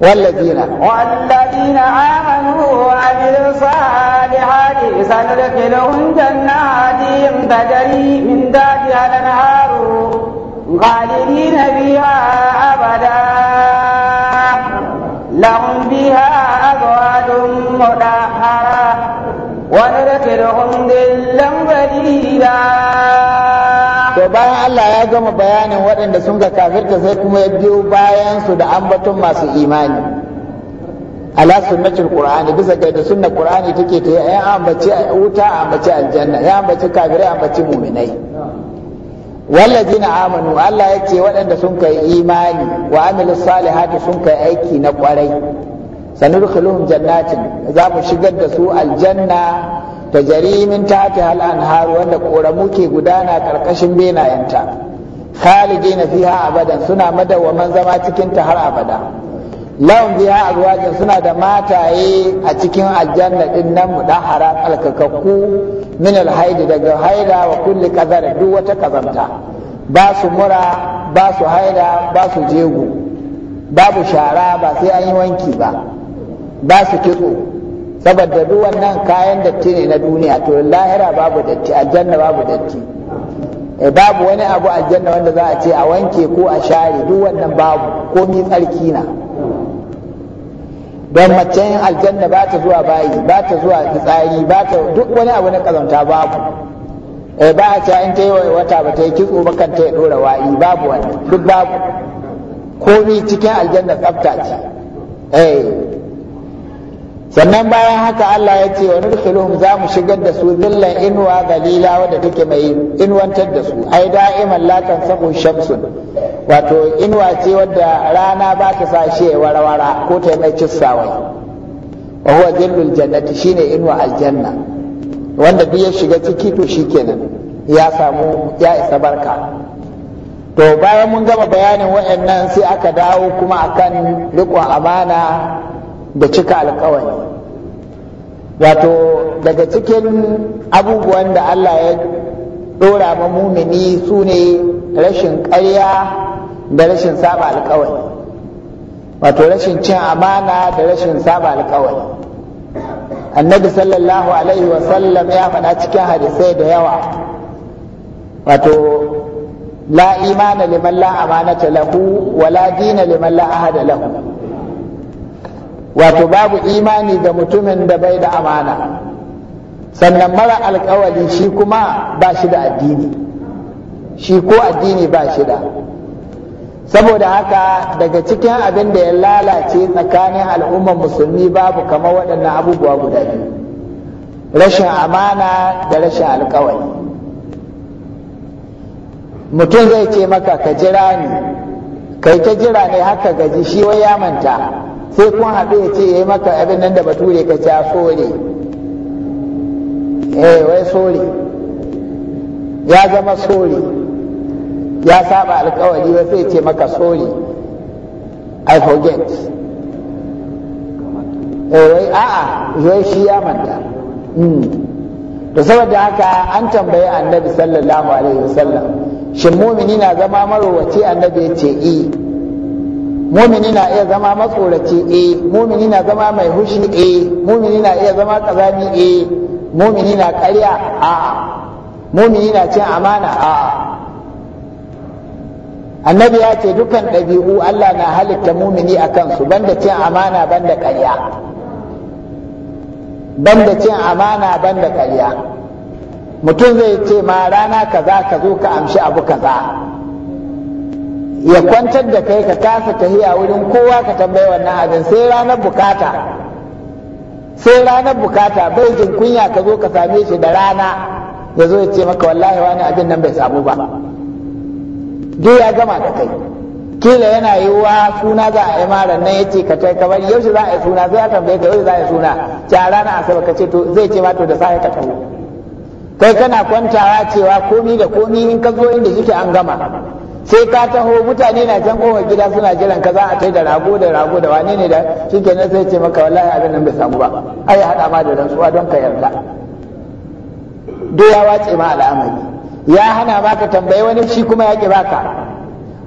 Speaker 1: wallafina.
Speaker 2: Wallafina a hanko abin sa'ad ya haɗe, sannan da ke da wajen na ajiyan ta jarimin daji halarci. Ƙalilina biya bada to bayan Allah ya gama bayanin
Speaker 1: waɗanda sun ga kafirta sai kuma ya biyo bayan su da ambaton masu imani ala sunnatul qur'ani bisa ga da sunnar qur'ani take ta ya ambaci wuta ambaci aljanna ya ambaci kafirai ambaci mu'minai wallazina amanu Allah ya ce waɗanda sun kai imani wa amilus salihati sun kai aiki na kwarai sanudkhuluhum jannatin za mu shigar da su aljanna ta jarimin ta ta al'anhar wanda ƙoramu ke gudana ƙarƙashin benayenta khalidi na fiha abadan suna madawwaman zama cikin ta har abada lawan biya azwajin suna da mataye a cikin aljanna din nan mudahara alkakakku min alhaidi daga haida wa kulli kazara duk wata kazanta ba su mura ba su haida ba su jego babu shara ba sai an yi wanki ba ba su kitso saboda duk wannan kayan datti ne na duniya to lahira babu datti aljanna babu datti e babu wani abu aljanna wanda za a ce a wanke ko a share duk wannan babu komi tsarki na don macen aljanna ba ta zuwa bayi ba ta zuwa fitsari ba ta duk wani abu na kazanta babu e ba a ce in ta yi wata ba ta yi kitso ba kan ta yi dora wa'i babu wani. duk babu komi cikin aljanna tsafta ce eh sannan bayan haka Allah ya ce wa nudkhiluhum za mu shigar da su zillan inuwa dalila wadda take mai inuwantar da su ai da'iman latan sabon shamsun wato inuwa ce wadda rana ba ta sa shi warawara ko ta mai cissawai wa huwa zillul jannati shine inuwa aljanna wanda duk ya shiga ciki to shikenan ya samu ya isa barka to bayan mun gama bayanin waɗannan sai aka dawo kuma akan rikon amana da cika alkawari wato daga cikin abubuwan da Allah ya ɗora ma mumini su ne rashin ƙarya da rashin saba alkawari wato rashin cin amana da rashin saba alkawari annabi sallallahu alaihi wasallam ya faɗa cikin hadisai da yawa wato la imana liman la amanata lahu wala dina liman la ahada lahu wato babu imani ga mutumin da bai da amana sannan mara alkawali shi kuma ba shi da addini shi ko addini ba shi da saboda haka daga cikin abin da ya lalace tsakanin al'ummar musulmi babu kamar waɗannan abubuwa guda biyu rashin amana da rashin alkawali mutum zai ce maka ka jira ne kai ta jira ne haka gaji shi wai ya manta sai kun haɗu ya ce ya yi maka abin nan da bature ka ca sore eh wai sore ya zama sore ya saba alkawari wai sai ce maka sore i forget eh wai a'a wai shi ya manta hmm. to saboda haka an tambayi annabi sallallahu alaihi wasallam shin mumini na zama marowace annabi ya ce eh mumini na iya zama matsorace eh mumini na zama mai hushi eh mumini na iya zama kazami eh mumini na karya? a mumini na cin amana a annabi ya ce dukkan ɗabi'u Allah na halitta mumini a kansu banda cin amana banda ƙarya banda cin amana banda karya mutum zai ce ma rana kaza ka zo ka amshi abu kaza ya kwantar da kai ka kasa tahiya wurin kowa ka tambayi wannan abin sai ranar bukata sai ranar bukata bai jin kunya ka zo ka same shi da rana ya zo ya ce maka wallahi wani abin nan bai samu ba duk ya gama da kai kila yana yiwuwa suna za a yi maran nan ya ce ka tai kamar yaushe za a yi suna sai ya tambaye ka yaushe za a yi suna ce a rana asabar ka ce to zai ce ma to da sai ka taho kai kana kwantawa cewa komi da komi in ka zo inda shi an gama sai ka taho mutane na can kowa gida suna jiran ka za a tai da rago da rago da wane ne da shike nan sai ce maka wallahi abin nan bai samu ba ai hada ma da rantsuwa don ka yarda doya wace ma al'amari ya hana ma ka tambayi wani shi kuma ya ki baka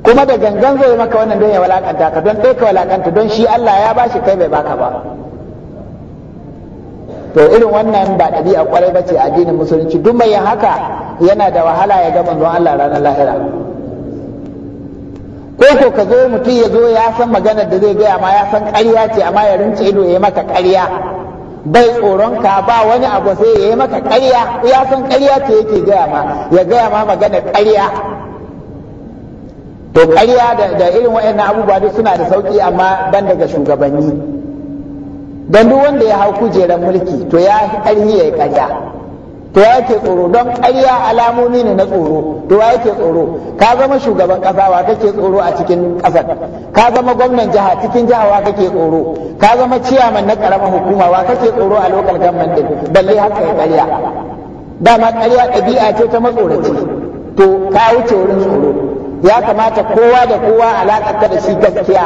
Speaker 1: kuma da gangan zai maka wannan don ya walakanta ka don dai ka walakanta don shi Allah ya bashi kai bai baka ba to irin wannan ba dabi'a kwarai bace addinin musulunci duk mai haka yana da wahala ya ga manzon Allah ranar lahira ko ko ka zo mutum ya zo ya san maganar da zai gaya ma ya san ƙarya ce amma ya rinci ido ya yi maka ƙarya bai tsoron ka ba wani abu sai ya yi maka ƙarya ya san ƙarya ce yake gaya ma ya gaya ma maganar ƙarya to ƙarya da, irin waɗannan abubuwa duk suna da sauƙi amma ban daga shugabanni don duk wanda ya hau kujerar mulki to ya ƙarhi ya ƙarya to ya ke tsoro don ƙarya alamomi ne na tsoro to ya ke tsoro ka zama shugaban ƙasa wa kake tsoro a cikin ƙasar ka zama gwamnan jiha cikin jiha wa kake tsoro ka zama ciyaman na ƙaramar hukuma wa kake tsoro a lokal gamman din balle haka ya ƙarya dama ƙarya ɗabi'a ce ta matsoraci to ka wuce wurin tsoro ya kamata kowa da kowa alaƙarka da shi gaskiya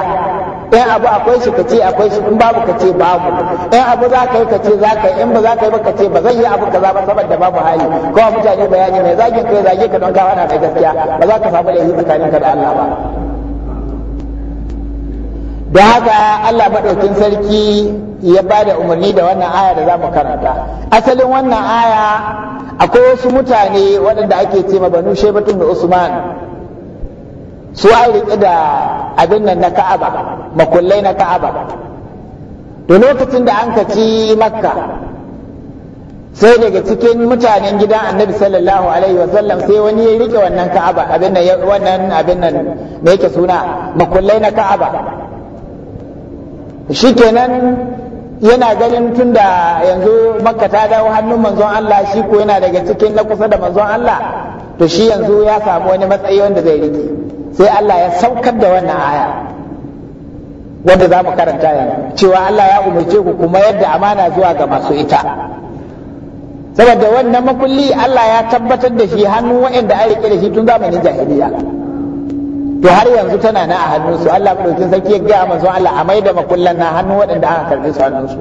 Speaker 1: in abu akwai shi kace akwai shi in babu kace babu in abu za ka yi kace za ka yi in ba za ka yi ba kace ba zai yi abu kaza ba saboda babu hali Kowa mutane bayani mai zagin kai zage ka don ka faɗa mai gaskiya ba za ka samu laifi ka da Allah ba Da haka Allah madaukin sarki ya ba da umarni da wannan aya da za mu karanta asalin wannan aya akwai wasu mutane waɗanda ake ce ma banu shebatun da usman su an riƙe da abin nan na ka'aba makullai na ka'aba to lokacin da an ka ci makka sai daga cikin mutanen gidan annabi sallallahu alaihi sallam sai wani ya riƙe wannan ka'aba abin nan wannan abin nan me yake suna makullai na ka'aba shikenan yana ganin tun da yanzu makka ta dawo hannun manzon Allah shi ko yana daga cikin na kusa da manzon Allah to shi yanzu ya samu wani matsayi wanda zai riƙe. sai Allah ya saukar da wannan aya wanda za mu karanta yanzu cewa Allah ya umarce ku kuma yadda amana zuwa ga masu ita saboda wannan makulli Allah ya tabbatar da shi hannu waɗanda an rike da shi tun zamanin jahiliya to har yanzu tana na a hannunsu Allah madaukin sarki ya ga manzo Allah a maida makullan na hannu waɗanda aka karbi su hannunsu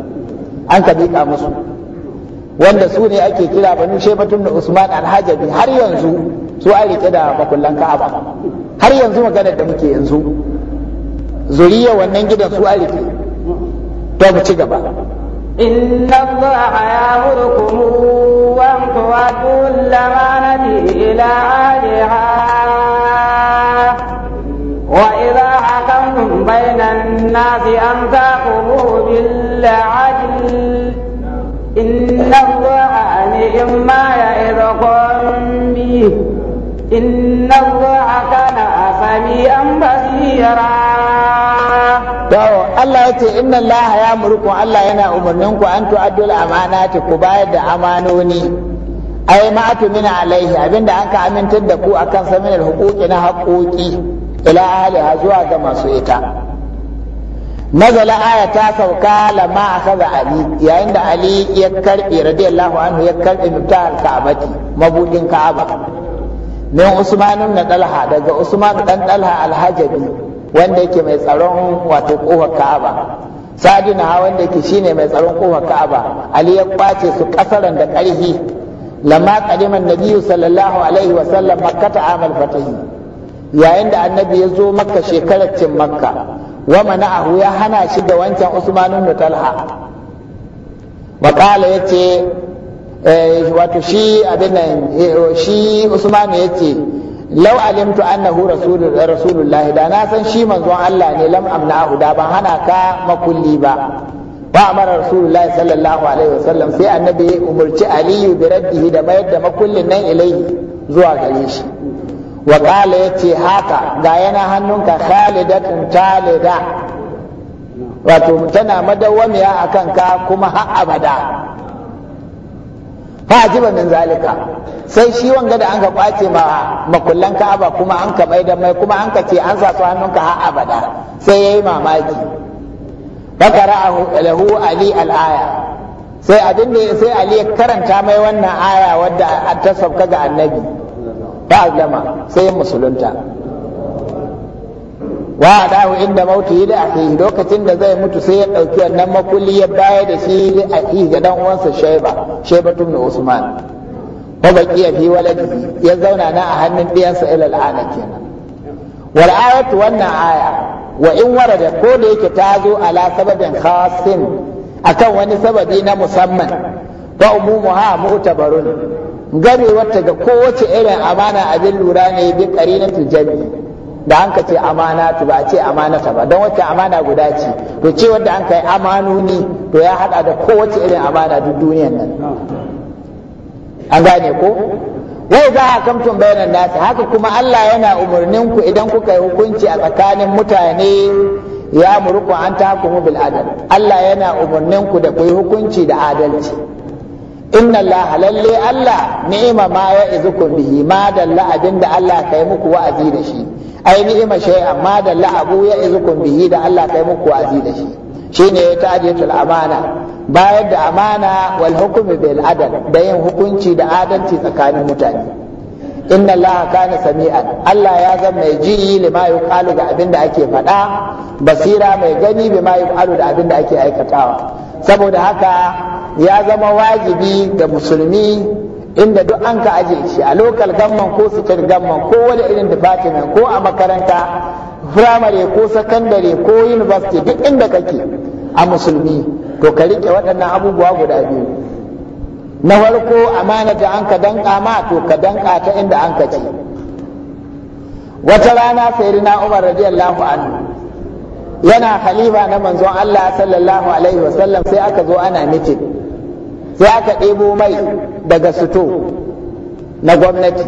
Speaker 1: an ka miƙa musu wanda su ne ake kira banu shebatun da Usman Alhajabi har yanzu su an rike da makullan Ka'aba har yanzu maganar da muke yanzu zuriya wannan gidan su alifi to mu ci gaba
Speaker 2: inna allaha ya'murukum wa an lamanati ila ahliha wa idha hakamtum bainan an-nasi an tahkumu bil 'adl inna allaha ni'ma ya'idukum bihi إن الله كان سميعا بصيرا Allah ya ce inna Allah ya murku
Speaker 1: Allah yana umarnin ku an tu'addul amanati ku bayar da amanoni ai ma atumina alaihi abinda an ka amintar da ku akan saminar hukuki na haƙoƙi ila ha zuwa ga masu ita nazala aya ta sauka lama akhadha ali yayin da ali ya karɓi, radiyallahu anhu ya karbi mutahal ka'abati mabuɗin ka'aba min usman na daga usman dan dalha alhajabi wanda yake mai tsaron wato kofar ka'aba sa'adu na wanda yake shine mai tsaron kofar ka'aba ali ya kwace su kasaran da karhi lamma qadima nabiyyu sallallahu alaihi wa sallam makkata amal fatahi yayin da annabi ya zo makka shekarar cin makka wa mana'ahu ya hana shi da wancan usman ibn talha wa qala yace Eh, wato shi abin nan eh, oh, shi usman ya ce lau alimtu annahu rasulullah da na san shi manzon Allah ne lam amna'u da ban hana ka makulli ba ba amara rasulullah sallallahu alaihi wasallam sai annabi umurci aliyu bi raddihi da mayar da makullin nan ilai zuwa gare shi wa qala yace haka ga yana hannunka khalidatun talida wato tana madawwamiya akan ka kuma har abada fa ajiba min zalika sai shi wanga da an ka kwace ma makullan ka'aba kuma an ka mai da mai kuma an ka ce an sa su hannunka har abada sai yayi mamaki bakara lahu ali al-aya sai abin da sai Ali ya karanta mai wannan aya wadda ta sauka ga annabi ta azlama sai ya musulunta wa dawo inda yi da akhihi lokacin da zai mutu sai ya ɗauki wannan makulli ya baya da shi da yi ga dan uwansa Shaiba, tun da Usman fa baqiya fi waladihi ya zauna na a hannun diyansa ila al'ana kenan wal ayatu wannan aya wa in warada ko da yake ta zo ala sababin khasin akan wani sababi na musamman ba wa umumuha mu'tabarun gane wata ga kowace irin amana abin lura ne bi qarinatul jami'i da an ka ce tu ba a ce amanata ba don wata amana guda ce to ce wanda an kai amanuni to ya hada da kowace irin amana duk duniyar nan an gane ko wai za a kamtun bayanan nasi haka kuma Allah yana umarnin ku idan kuka yi hukunci a tsakanin mutane ya muruku an ta hukumu bil adal Allah yana umarnin ku da ku yi hukunci da adalci inna Allah lalle Allah ni'ima ma ya izukum bihi ma dalla abinda Allah kai muku wa'azi da shi ai ni'ima shay amma da la'abu ya izukum bihi da Allah kai muku wa'azi da shi shine ajiyatul amana bayar da amana wal hukmi bil adal da yin hukunci da adalci tsakanin mutane inna Allah kana sami'an Allah ya zama mai ji lima yuqalu ga abinda ake faɗa basira mai gani bima yuqalu da abinda ake aikatawa saboda haka ya zama wajibi ga musulmi inda duk an ka aje shi a lokal gamman ko sitar gamman ko wani irin department ko a makaranta firamare ko sakandare ko university duk inda kake a musulmi to ka rike waɗannan abubuwa guda biyu na farko amana da an ka danka ma to ka danka ta inda an ka ce wata rana sayyidina umar radiyallahu anhu yana khalifa na manzon Allah sallallahu alaihi wasallam sai aka zo ana meeting sai aka ɗebo mai daga suto na gwamnati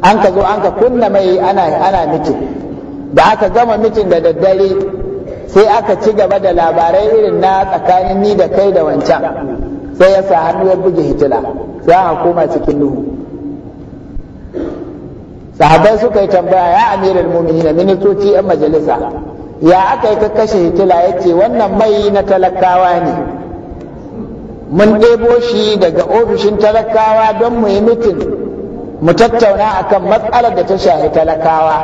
Speaker 1: an ka zo an ka kunna mai ana, ana mitin da aka gama mitin da daddare sai aka ci gaba da labarai irin na tsakanin ni da kai da wancan sai ya sa hannu ya buge hitila sai aka koma cikin duhu sahabai suka yi tambaya ya amiral na ministoci yan majalisa ya aka yi ka kashe hitila ya ce wannan mai na talakawa ne mun ɗebo shi daga ofishin talakawa don mu yi mitin mu tattauna a kan matsalar da ta shahi talakawa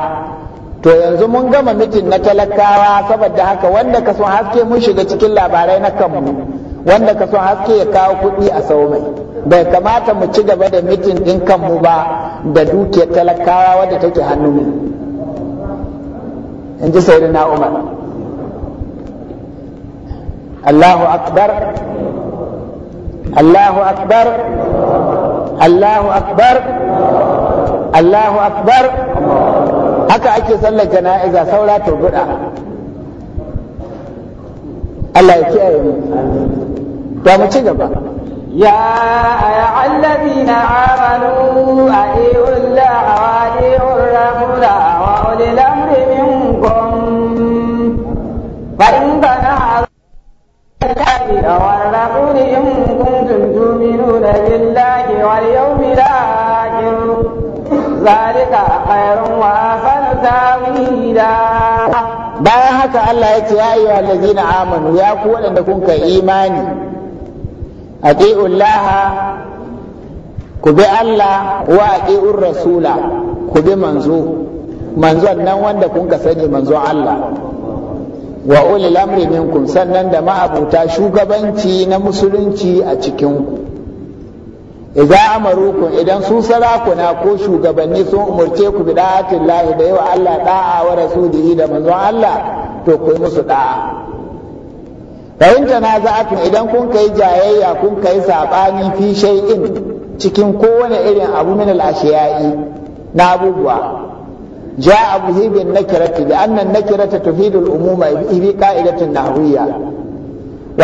Speaker 1: to yanzu mun gama mitin na talakawa saboda haka wanda ka son haske mun shiga cikin labarai na kanmu wanda ka son haske ya kawo kuɗi a sau mai bai kamata mu ci gaba da mitin ɗin kanmu ba da dukiyar talakawa wadda take hannu mu in ji na, umar Allahu akbar الله أكبر الله أكبر الله أكبر haka ake sallar jana'iza saura turbuda Allah ya kiyaye mu da mu ci gaba
Speaker 2: يا أيها الذين آمنوا أطيعوا الله وأطيعوا الرسول وأولي الأمر منكم فإن وذكر إن كنتم تؤمنون بالله واليوم الآخر ذلك خير وأحسن تأويلا
Speaker 1: bayan haka Allah ya ce ya yi wa amanu ya ku waɗanda kun ka imani a laha ku bi
Speaker 2: Allah
Speaker 1: wa a rasula ku bi manzo manzon nan wanda kun ka sani manzon Allah wa ulil amri minkum sannan da ma'abuta shugabanci na musulunci a cikinku Idan amarukum idan su sarakuna ko shugabanni sun umurce ku bi da'atin lahi da yawa Allah da'a wa rasulihi da manzon Allah to ku musu da'a Bayin janaza'atun idan kun kai jayayya kun kai sabani fi shay'in cikin kowane irin abu min al-ashiya'i na abubuwa جاء به بالنكرة لأن النكرة تفيد الأمومة في قاعدة نحوية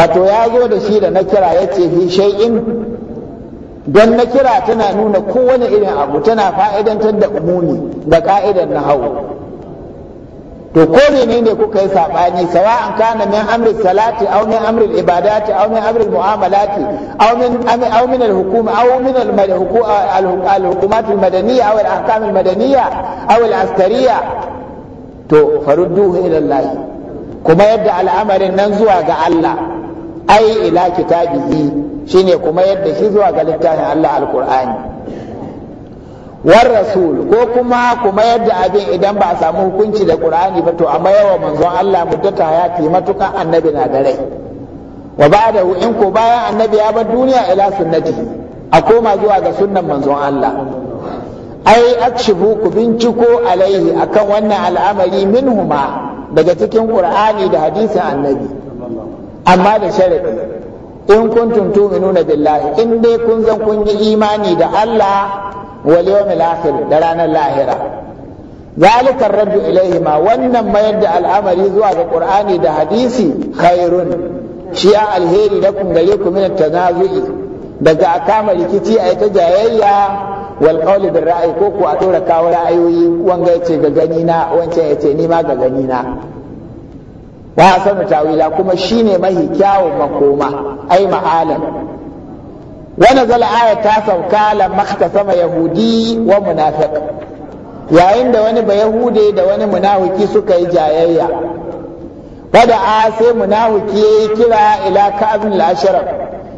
Speaker 1: wato ya zo da shi da nakira ya ce fi in don nakira tana nuna kowane irin abu tana fa'idantar da umumi da ƙa'idar na hau to ko menene kuka yi sabani sawa'an kana min amri salati aw min amri ibadati aw min amri mu'amalati aw min aw min al-hukuma aw min al-hukumat al-madaniyya aw al-ahkam al-madaniyya aw al-askariyya to farudduhu ila Allah kuma yadda al'amarin nan zuwa ga Allah ai ila kitabihi shine kuma yadda shi zuwa ga littafin Allah al-Qur'ani war rasul ko kuma ku mayar da abin idan ba a samu hukunci da qur'ani ba to a mayar wa manzon Allah muddata hayati matukan annabi na da rai wa ba'da in ko bayan annabi ya bar duniya ila sunnati a koma zuwa ga sunnan manzon Allah ai akshibu ku binciko alaihi akan wannan al'amari minhuma daga cikin qur'ani da hadisin annabi amma da sharadi in kun kuntum nuna billahi in dai kun zan kun yi imani da Allah wal yawmil da ranar lahira zalikar raddu ilaihima wannan mayar da al'amari zuwa ga ƙur'ani da hadisi khairun shi a alheri da kun gare ku min tanazu'i daga a kama rikici a ta jayayya wal qawli bil ko ku a dora kawo ra'ayoyi wanga yace ga ganina, na wancan yace ni ma ga gani na wa asanu tawila kuma shine mahi kyawun makoma ai ma'alam wani zala aya ta sauka lamakta sama yahudi wa munafiq yayin da wani ba da wani munafiki suka yi jayayya wada a sai munafiki ya yi kira ila ka'abin al-ashraf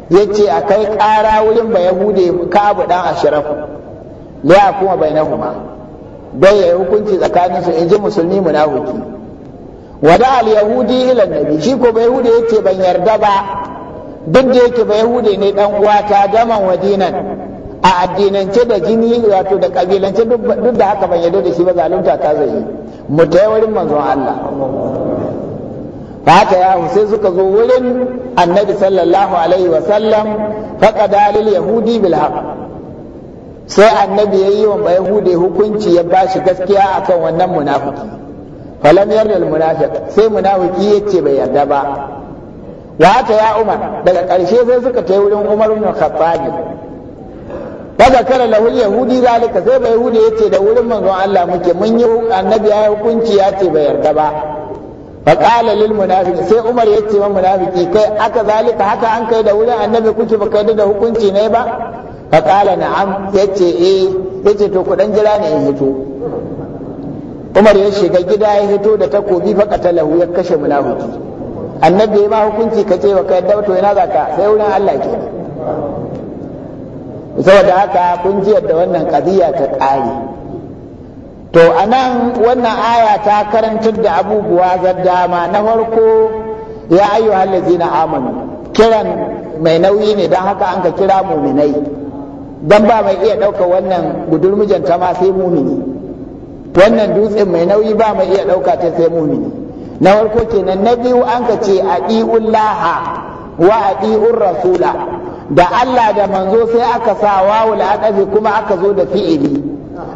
Speaker 1: yace a kai ƙara wurin ba yahude ka'abu dan ashraf la kuma bainahuma dai ya hukunci tsakaninsu su inji musulmi munafiki wada al-yahudi ila shi ko ba yahude yace ban yarda ba duk da yake ba yahude ne dan uwa ta daman wadinan a addinance da jini wato da kabilance duk da haka ban yadda da shi ba zalunta ta zai mu ta wurin manzon Allah haka yahu sai suka zo wurin annabi sallallahu alaihi wa sallam faqada lil yahudi bil haqq sai annabi yayi wa ba hukunci ya bashi gaskiya akan wannan munafiki falam yarda al munafiq sai munafiki yace bai yarda ba ya ta ya umar daga ƙarshe sai suka ta wurin umar bin khattabi daga kare lahul yahudi zalika sai bai yahudi yace da wurin manzon Allah muke mun yi annabi ya hukunci ya ce bai yarda ba fa qala lil munafiqi sai umar yace ma munafiki kai aka zalika haka an kai da wurin annabi kuke baka da hukunci ne ba fa qala na'am yace eh yace to ku dan jira ne in hito umar ya shiga gida ya hito da takobi fa qatalahu ya kashe munafiki annabi ya ma hukunci ka ce wa ka yadda to ina zaka sai wurin Allah ke saboda haka kun ji yadda wannan kadiya ta ƙare to anan wannan aya ta karantar da abubuwa da dama na farko ya ayyuhal na amanu kiran mai nauyi ne don haka an ka kira muminai don ba mai iya ɗauka wannan gudurmujan ta ma sai mumini wannan dutsen mai nauyi ba mai iya ɗauka ta sai mumini na farko kenan na biyu an ka ce Laha wa adiur rasula da Allah da manzo sai aka sa wawul adafi kuma aka zo da fi'ili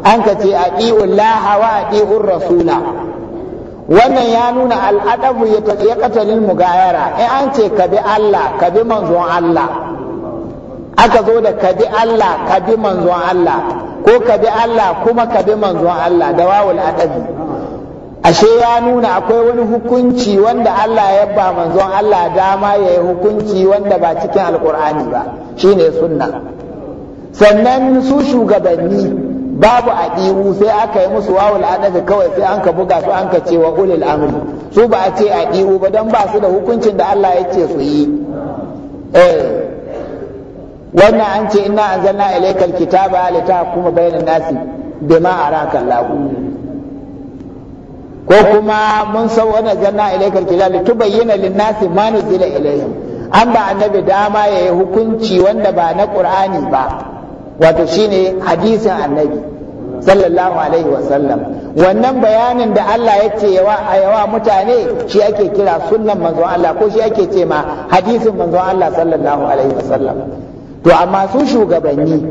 Speaker 1: an ka ce Laha wa adiur rasula wannan ya nuna al'adabu ya katalin mugayara in an ce ka bi Allah ka bi manzon Allah aka zo da ka bi Allah ka bi manzon Allah ko ka bi Allah kuma ka bi manzon Allah da wawul adabi ashe ya nuna akwai wani hukunci wanda Allah ya ba manzon Allah dama ya yi hukunci wanda ba cikin alkur'ani ba shine sunna sannan su shugabanni babu adiru sai aka yi musu wawul adaka kawai sai an ka buga su an ka ce wa ulil amri su ba a ce adiru ba don ba su da hukuncin da Allah ya ce su yi eh, wannan an ce inna anzalna ilaykal kitaba kuma bainan nasi bima rakan lagu. ko kuma mun san wani janna ilaikar kilali tu bayyana linnasi ma nuzila ilaihim an ba annabi dama ya yi hukunci wanda ba na qur'ani ba wato shine hadisin annabi sallallahu alaihi wa sallam wannan bayanin da Allah ya ce yawa a yawa mutane shi ake kira sunnan manzon Allah ko shi ake ce ma hadisin manzon Allah sallallahu alaihi wa sallam to amma su shugabanni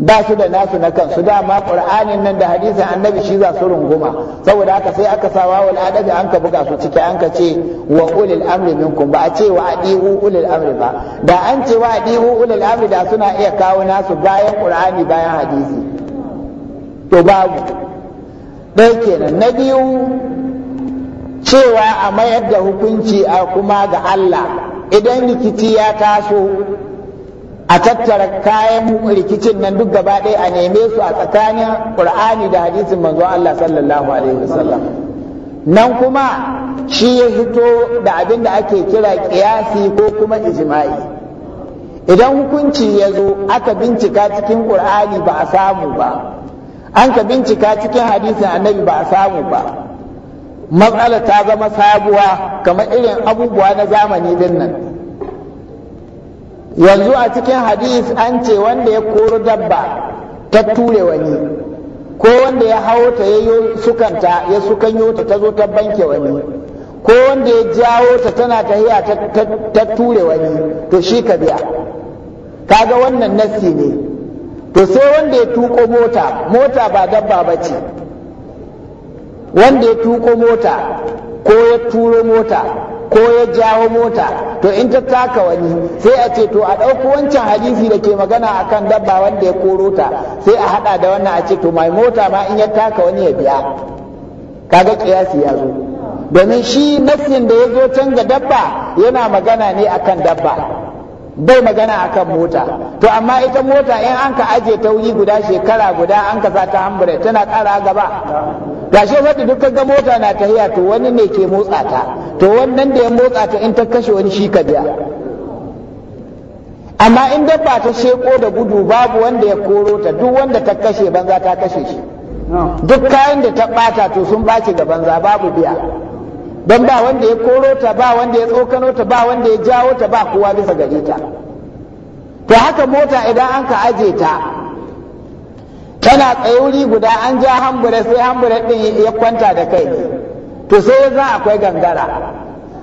Speaker 1: ba su da nasu na kansu dama qur'anin nan da hadisin annabi shi za su runguma saboda haka sai aka sawa wal adabi an ka buga su ciki an ka ce wa ulil amri minkum ba a ce wa adihu ulil amri ba da an ce wa adihu ulil amri da suna iya kawo nasu bayan qur'ani bayan hadisi to babu dai kenan na biyu cewa a mayar da hukunci a kuma ga Allah idan likiti ya taso a tattara kayan rikicin nan duk gaba ɗaya a neme su a tsakanin ƙur'ani da hadisin manzo Allah sallallahu alaihi wasallam nan kuma shi ya hito da abin da ake kira Kiyasi ko kuma ijma'i idan hukunci ya zo aka bincika cikin ƙur'ani ba a samu ba an ka bincika cikin hadisin annabi ba a samu ba matsala ta zama sabuwa kamar irin abubuwa na zamani din nan yanzu a cikin hadis an ce wanda ya kori dabba ta ture wani ko wanda ya hawo ta ya sukanta ya sukanyo ta ta zo ta banke wani ko wanda ya jawo ta tana ta tahiya ta ture wani to shi ka biya kaga wannan nassi ne to sai wanda ya tuko mota mota ba dabba ba ce wanda ya tuko mota ko ya turo mota ko ya jawo mota to in ta taka wani sai a ce to a ɗauko wancan hadisi da ke magana akan dabba wanda ya koro ta sai a haɗa da wannan a ce to mai mota ma in ya taka wani ya biya kaga ƙiyasi ya zo domin shi nassin da ya zo can ga dabba yana magana ne akan dabba bai magana akan mota to amma ita mota in an ka aje ta guda shekara guda an ka sa ta hambure tana ƙara gaba gashe wadda duk ga mota na tahiya to wani ne ke motsa ta to wannan da ya motsa ta in ta kashe wani shi ka biya amma in dabba ta sheko da gudu babu wanda ya koro ta duk wanda ta kashe banza ta kashe shi duk kayan da ta bata to sun baci ga banza babu biya don ba wanda ya koro ta ba wanda ya tsokano ta ba wanda ya jawo ta ba kowa bisa gare ta to haka mota idan an ka aje ta tana tsayuri guda an ja hambure sai hambure ɗin ya kwanta da kai to sai za akwai gangara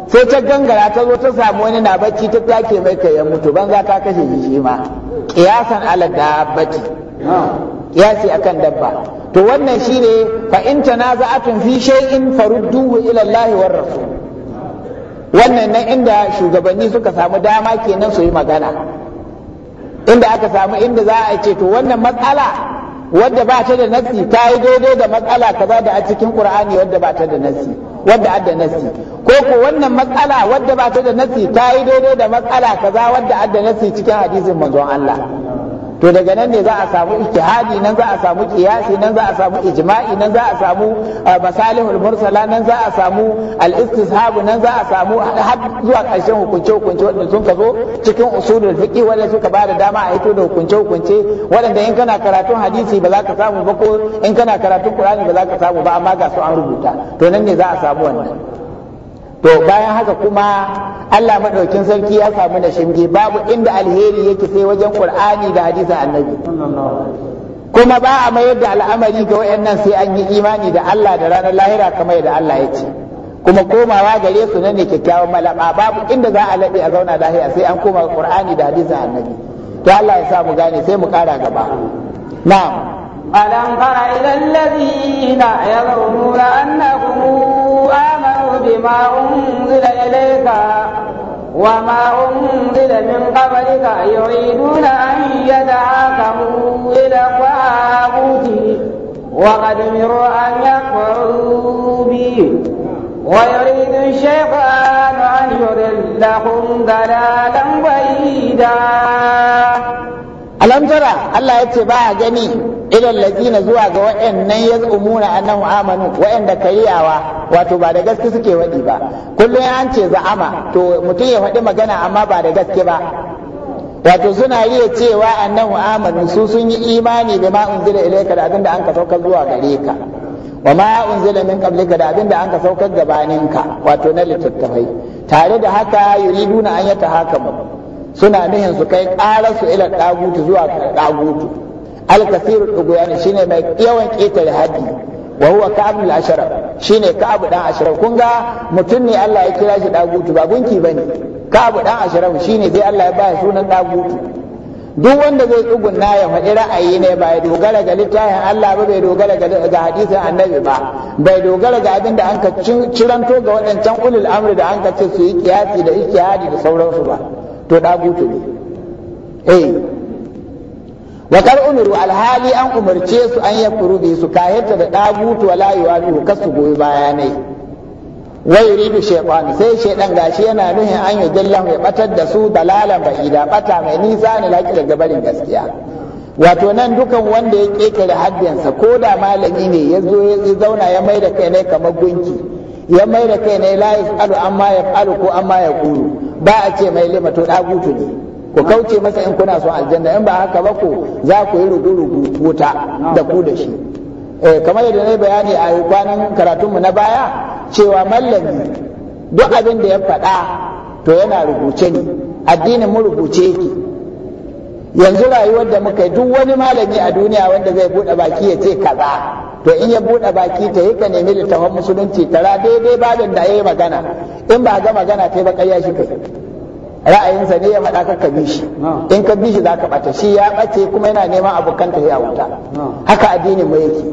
Speaker 1: sai ta gangara ta zo ta samu wani na bacci ta take mai kai ya mutu banza ta kashe shi ma kiyasan ala dabbati kiyasi ah. akan dabba to wannan shine fa in tanaza'atun fi shay'in farudduhu ila Allah war rasul wannan nan inda shugabanni suka samu dama kenan su yi magana inda aka samu inda za a ce to wannan matsala wadda ba ta da nassi ta yi daidai da matsala kaza da a cikin qur'ani wadda ba ta da nassi wadda adda nassi ko ko wannan matsala wadda ba ta da nassi ta yi daidai da matsala kaza wadda adda nassi cikin hadisin manzon Allah to daga nan ne za a samu ijtihadi nan za a samu qiyasi nan za a samu ijma'i nan za a samu uh, masalihul mursala nan za a samu al-istishab nan za a samu har zuwa ƙarshen hukunce hukunce wanda sun ka zo cikin usulul fiqi wanda suka ba da dama a hito da hukunce hukunce wanda in kana karatun hadisi ba za ka samu ba ko in kana karatun qur'ani ba za ka samu ba amma ga su an rubuta to nan ne za a samu wannan to bayan haka kuma Allah madaukin sarki ya samu da shinge babu inda alheri yake sai wajen Qur'ani da hadisin Annabi kuma ba a mayar da al'amari ga wayannan sai an yi imani da Allah da ranar lahira kamar yadda Allah ya ce kuma komawa gare su ne kyakkyawan malama babu inda za a laɓe a zauna lahira sai an koma Qur'ani da hadisin Annabi to Allah ya sa mu gane sai mu kara gaba na'am
Speaker 2: alam fara ila alladhina yadhununa annahum بما أنزل إليك وما أنزل من قبلك يريدون أن يتحاكموا إلى الطاغوت وقد مروا أن يكفروا به
Speaker 3: ويريد
Speaker 2: الشيطان أن يضلهم ضلالا بعيدا alamjara Allah ya ce baya gani
Speaker 1: idan ladina zuwa ga ya yaz'umuna annahu amanu wa'anda kariyawa wato ba da gaske suke waɗi ba kullum an ce za'ama to mutum ya faɗi magana amma ba da gaske ba wato suna iya cewa annahu amanu su sun yi imani da ma unzila ilayka da abinda an ka saukar zuwa gare ka wa ma unzila min qablika da abinda an ka saukar gabaninka wato na littattafai tare da haka yuriduna an yata hakamu suna nihin su kai ƙara su ila ɗagutu zuwa ɗagutu alkasiru ɗuguyani shine mai yawan ƙetare haji wa huwa ka'ab al ashraf shine ka'abu dan ashara kun ga mutum ne Allah ya kira shi ɗagutu ba gunki bane ka'ab dan ashraf shine sai Allah ya ba sunan ɗagutu duk wanda zai tsugunna ya faɗi ra'ayi ne ba ya dogara ga littafin Allah ba bai dogara ga hadisin annabi ba bai dogara ga abin da an ka ciranto ga waɗancan ulul amri da an ka ce su yi kiyasi da ijtihadi da sauransu ba to dagutu ne eh wa kar al alhali an umarce su an yakuru bi su kayyata da dagutu wala yuwalu kasu goyi bayanai wai yuridu shaytan sai shaydan gashi yana nuhin an yajalla ya batar da su dalalan ba'ida bata mai nisa ne laki daga barin gaskiya wato nan dukan wanda ya kekere haddinsa ko da malami ne ya zo ya zauna ya mai da kai ne kamar gunki ya mai da kai ne la yasalu amma ya ko amma ya kulu ba a ce mai lima to gutu ne ku kauce masa in kuna son aljanna in ba haka ba ko za ku yi rugu-rugu da ku da shi eh kamar yadda na bayani a kwanan karatun mu na baya cewa mallami duk abin da ya faɗa to yana rubuce ne addinin mu rubuce yake yanzu rayuwar da muka yi duk wani malami a duniya wanda zai buɗe baki ya ce
Speaker 3: kaza
Speaker 1: to in ya buɗe baki ta yi ka nemi littafin musulunci tara daidai babin da ya yi magana in ba ga magana ta yi ba ƙarya shi kai ra'ayinsa ne ya maɗa ka bishi. in ka bishi shi za ka ɓata shi ya ɓace kuma yana neman abokan ta ya wuta haka addinin mu yake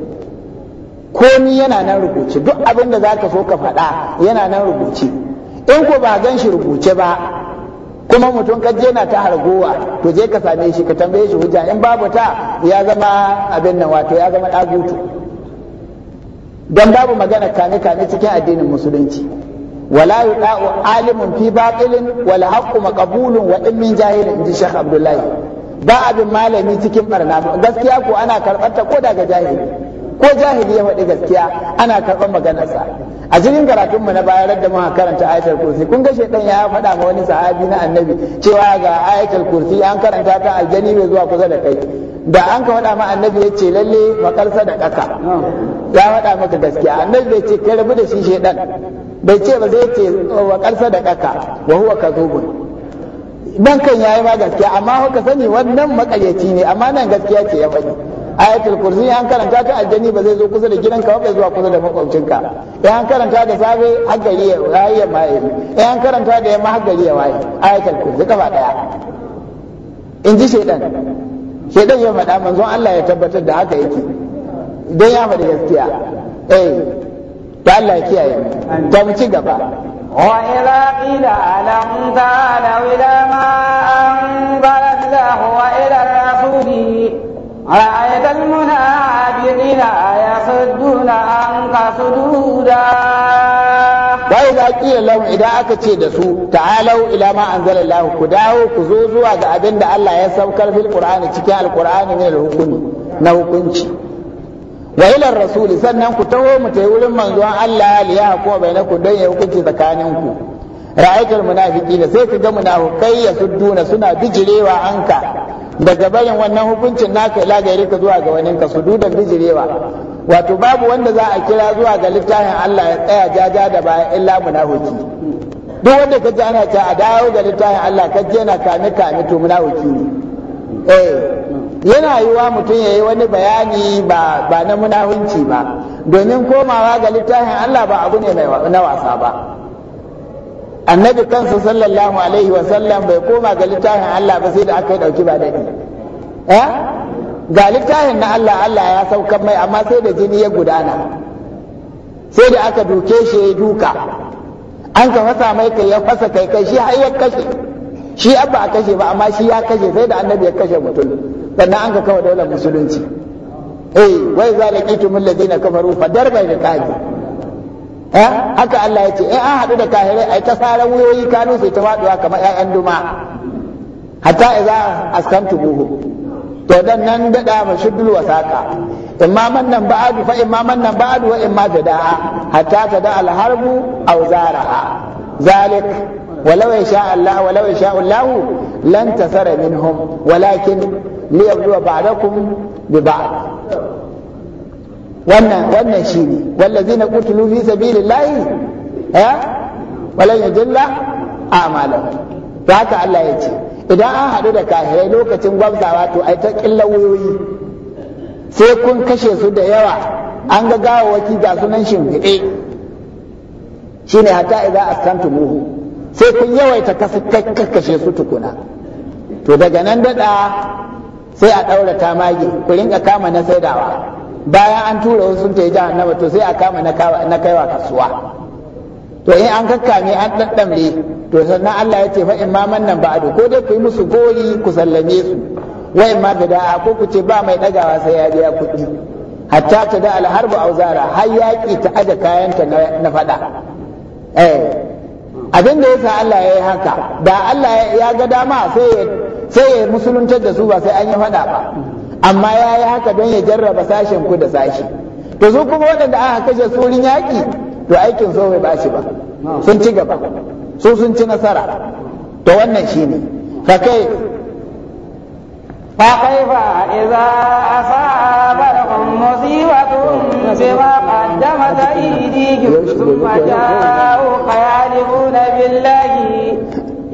Speaker 1: komi yana nan rubuce duk abin da za ka so ka faɗa yana nan rubuce in ko ba gan shi rubuce ba kuma mutum ka je na ta hargowa to je ka same shi ka tambaye shi hujja in babu ta ya zama abin nan wato ya zama ɗagutu don babu magana kane kane cikin addinin musulunci wala yuda'u alimun fi batilin wal haqqu maqbulun wa in min jahilin inji Abdullahi ba abin malami cikin barna gaskiya ko ana karɓar ta ko daga jahili ko jahili ya faɗi gaskiya ana karɓar maganarsa a cikin karatunmu na bayar da muka karanta ayatul kursi kun ga ɗan ya faɗa ma wani sahabi na annabi cewa ga ayatul kursi an karanta ta aljani mai zuwa kusa da kai da an ka faɗa ma annabi ya ce lalle makarsa da ƙaka. ya faɗa maka gaskiya annabi bai ce kai rabu da shi shaidan bai ce ba zai ce makarsa da kaka wa huwa kadhubun dan kan yayi ma gaskiya amma haka sani wannan makaryaci ne amma nan gaskiya ce ya faɗi ayatul kursi an karanta ta aljani ba zai zo kusa da gidanka ba bai zuwa kusa da makwabcinka in an karanta da safe har gari ya waye ma in an karanta da yamma har gari ya waye ayatul kursi kafa daya in ji shaidan shaidan ya faɗa manzon Allah ya tabbatar da haka yake don ya faɗi gaskiya eh to Allah ya kiyaye ta mu ci gaba وإذا
Speaker 2: قيل ألم تعالوا إلى ما أنزل الله وإلى الرسول رأيت المنافقين يصدون عنك صدودا
Speaker 1: bai za ƙila lahun idan aka ce da su ta'alau ila ma anzala ku dawo ku zo zuwa ga abin da Allah ya saukar fil cikin alqur'ani ne hukumi na hukunci wa ila sannan ku taho mu tayi wurin manzon Allah li ya hako bainakum dan ya hukunci tsakaninku ra'aytul munafiqina sai ka ga munafikai ya sudduna suna bijirewa anka daga barin wannan hukuncin naka ila gairi ka zuwa ga wani ka sududan bijirewa wato babu wanda za a kira zuwa ga littafin Allah ya tsaya jaja da baya illa munafiki duk wanda ka ji ana ta a dawo ga littafin Allah ka je na kame kame to munafiki ne eh yana yiwa mutum ya yi wani bayani ba ba na munafunci ba domin komawa ga littafin Allah ba abu ne mai na wasa ba annabi kansa sallallahu alaihi wa sallam bai koma ga littafin Allah ba sai da aka yi dauki ba dadi eh ga littafin na Allah Allah ya saukar mai amma sai da jini ya gudana sai da aka duke shi ya duka an ka fasa mai kai ya fasa kai kai shi har ya kashe shi abba a kashe ba amma shi ya kashe sai da annabi ya kashe mutum sannan an ka kawo daular musulunci eh wai zalakitumul ladina kafaru fa darba da kaji eh haka Allah ya ce eh an haɗu da kahirai ai ta saran wuyoyi kanun su ta faduwa kamar ƴaƴan duma hatta idza buhu. to dan nan dada mashuddul wasaqa imma man nan ba'adu fa imma man nan ba'adu wa imma tada'a hatta tada al harbu aw zaraha zalik ولو يشاء الله ولو يشاء الله لن تسر منهم ولكن ليبلو بعضكم ببعض wannan wannan shine na kutulu fi sabilillahi eh wala yajalla a'malahum to haka Allah ya ce idan an haɗu da kahirai lokacin gwamzawa to ai ta killa wayoyi sai kun kashe su da yawa an ga gawawaki ga sunan shimfiɗe shine hatta idan askantu muhu sai kun yawaita kashe su tukuna to daga nan daɗa sai a ɗaurata mage ku rinka kama na saidawa bayan an tura wasu sun ta yi jahannama to sai a kama na kaiwa kasuwa to in an kakkame an ɗaɗɗamre to sannan Allah ya ce fa in ma ba ba'adu ko dai ku yi musu gori ku sallame su wa in ma da'a ko ku ce ba mai ɗagawa sai ya biya kuɗi hatta ta da alharbu auzara har yaƙi ta aje kayanta na faɗa eh, abin da yasa Allah ya yi haka da Allah ya ga dama sai ya musuluntar da su ba sai an yi faɗa ba amma ya yi haka don ya jarraba sashen ku da sashi to su kuma waɗanda aka kashe tsorin yaƙi to aikin so bai bashi ba sun ci gaba su sun ci nasara to wannan shi ne fa
Speaker 2: kai فكيف إذا أصابتهم مصيبة بما قدمت أيديهم ثم جاءوك يعرفون بالله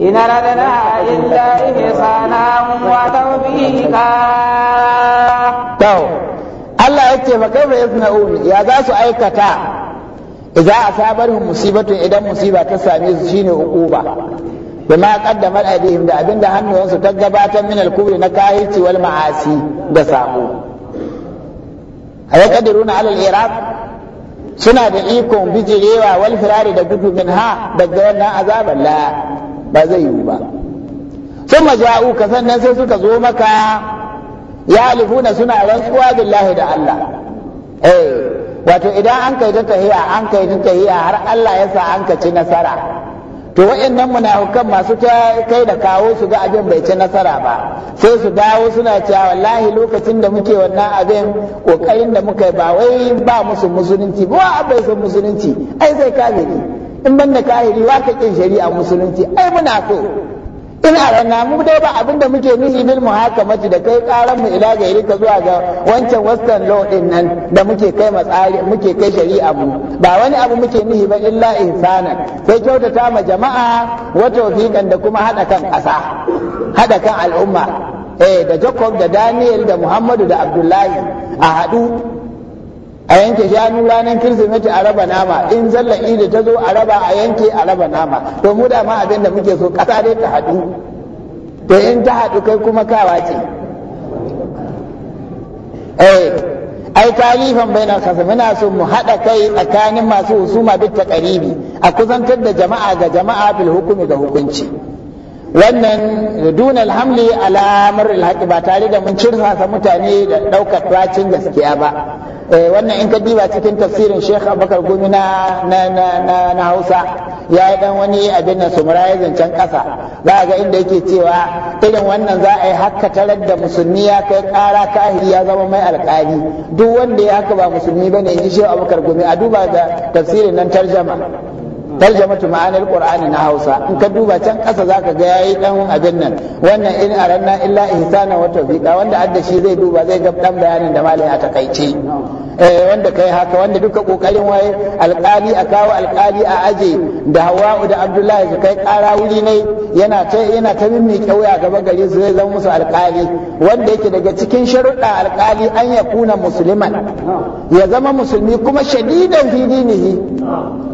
Speaker 3: إن أردنا إلا إحسانا وتوفيقا تو
Speaker 1: Allah ya ce makaifa ya suna ya za su aikata idza asabarhum musibatun idan musiba ta same su shine uquba bima qaddamat aydihim da abinda hannuwansu ta gabatar min al-kubri na kahirci wal ma'asi da sabo ay qadiruna ala al-iraq suna da ikon bijirewa walfirari da gudu min ha daga wannan azaban la ba zai yiwu ba sun maja'u ka sannan sai suka zo maka ya alifuna suna rantsuwa billahi da Allah eh wato idan an kai ta tahiya an kai ta tahiya har Allah ya sa an ci nasara to muna munafukan masu ta kai da kawo su ga abin bai ci nasara ba sai su dawo suna cewa wallahi lokacin da muke wannan abin kokarin da muka yi ba wai ba musu musulunci ba bai san musulunci ai sai kafiri in ban da kahiri wa ka kin shari'a musulunci ai muna so in a rana mu dai ba abin da muke nufi bil muhakamati da kai karan mu ila ga ka zuwa ga wancan western law din nan da muke kai matsari muke kai shari'a mu ba wani abu muke nufi ba illa insana sai kyautata ma jama'a wa tawfiqan da kuma hada kan ƙasa hada kan al'umma eh da Jacob da Daniel da Muhammadu da Abdullahi a haɗu a yanke shanu ranar kirsimeti a raba nama in zalla idi ta zo a raba a yanke a raba nama to mu dama abin da muke so ƙasa dai ta haɗu to in ta haɗu kai kuma kawa ce eh, ai talifan bai kasa muna so mu haɗa kai tsakanin masu husuma duk ta ƙaribi a kusantar da jama'a ga jama'a bil hukumi ga hukunci wannan dun alhamli ala amr alhaqi ba tare da mun cirsa mutane da ɗaukar tracin gaskiya ba Eh, wannan in ka diba cikin tafsirin Sheikh Abubakar Gumi na na Hausa ya yi dan wani abin na sumura ya zancen ƙasa za ga inda yake cewa irin wannan za a yi haka tarar da musulmi ya kai kara kahiri ya zama mai alƙali duk wanda ya haka ba musulmi ne in ji Sheikh Abubakar Gumi a duba da tafsirin nan tarjama tarjamatu ma'anar qur'ani na hausa in ka duba can ƙasa zaka ga yayi dan abin nan wannan in aranna illa ihsana wa tawfiqa wanda adda shi zai duba zai ga dan bayanin da malai a takaice eh wanda kai haka wanda duka kokarin waye alƙali a kawo alƙali a aje da hawa'u da abdullahi su kai ƙara wuri ne yana ta yana ta mimmi kauya gaba gare su zai zama musu alƙali wanda yake daga cikin sharuɗa alƙali an ya kuna musulman ya zama musulmi kuma shadidan fi dinihi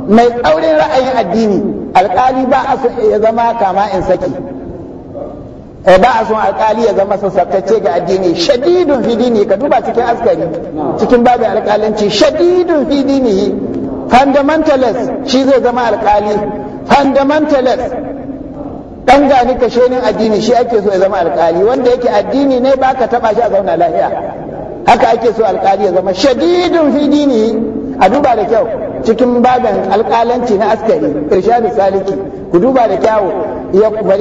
Speaker 1: mai tsaurin ra'ayin addini alkali ba a so ya zama kama in saki eh, ba a son alkali ya zama sassaftacce ga addini shadidun fidini, ka duba cikin askari cikin babin alkalanci shadidun fidini! dini fundamentalist shi zai zama alkali fundamentalist dan gani kashenin addini shi ake so ya zama alkali wanda yake addini ne baka taba shi a zauna lafiya haka ake so alkali ya zama shadidun fidini! a duba da kyau cikin babin alƙalanci na askari irshadu saliki ku duba da kyawu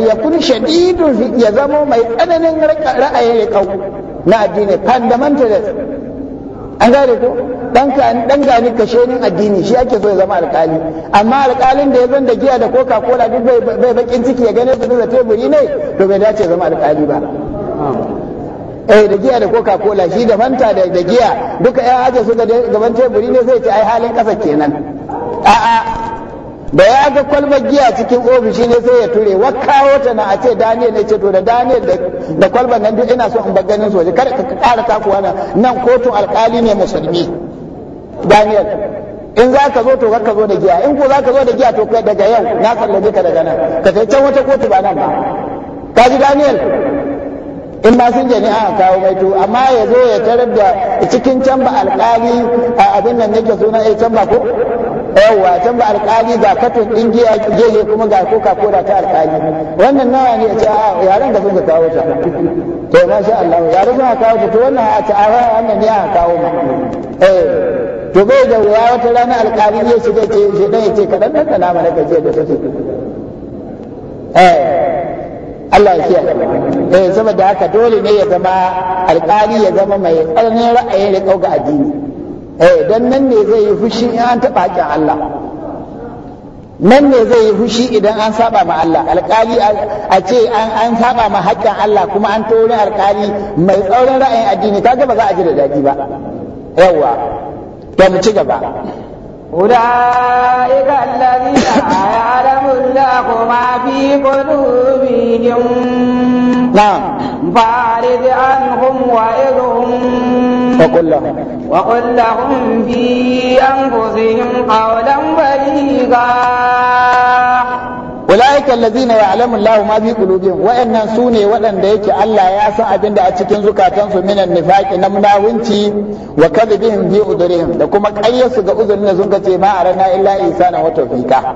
Speaker 1: ya kun shadidun ya zamo mai tsananin ra'ayin riƙau na addini fundamentalist an gane ko dan gani dan gani kashenin addini shi ake so ya zama alƙali amma alƙalin da ya zan da giya da coca cola duk bai bakin ciki ya gane su da teburi ne to bai dace zama alƙali ba eh da giya da coca cola shi da fanta da da giya duka ya aje su gaban teburi ne zai ci ai halin kasa kenan a'a da ya ga kwalbar giya cikin ofishi ne sai ya ture wa kawo ta na a ce daniel ne ce to da daniel da kwalbar nan duk ina so in bar ganin soje kada ka ƙara takuwa nan nan kotun alƙali ne musulmi daniel in za ka zo to ka zo da giya in ko za ka zo da giya to kai daga yau na sallame ka daga nan ka sai can wata kotu ba nan ba ka ji daniel in ba sun jani aka kawo mai to amma ya zo ya tarar da cikin can ba alƙali a abin nan nake suna ya eh, can ba ko yawwa can ba alƙali ga katon ɗin giya kuma ga koka koda ta alƙali wannan nawa ne a ce a yaran da sun ka kawo ta to masha Allah ya sun ka kawo ta to wannan a ce a wannan ne aka kawo ma eh to bai da wuya wata rana alƙali ya shiga ce shi dai ce kadan da nama mana gajiyar da take eh Allah ya kiyaye eh saboda haka dole ne ya zama alƙali ya zama mai tsananin ra'ayin riƙau ga addini eh dan nan ne zai yi fushi in an taɓa haƙƙin Allah nan ne zai yi fushi idan an saba ma Allah alƙali a ce an an saba ma haƙƙin Allah kuma an tori alƙali mai tsaurin ra'ayin addini kaga ba za a ji da daɗi ba yawa to mu ci gaba
Speaker 2: أولئك الذين يعلم الله ما في قلوبهم نعم فأعرض عنهم وإذهم وقل لهم وقل لهم في أنفسهم قولا بليغا
Speaker 1: ulaika allazina ya'lamu Allahu ma fi qulubihim wa'annan sune waɗanda yake Allah ya san abin da a cikin zukatansu minan nifaqi na munawunci wa kadhibihim fi udurihim da kuma ƙaryarsu ga uzurin da sun ce ma arana isa insana wata tawfiqa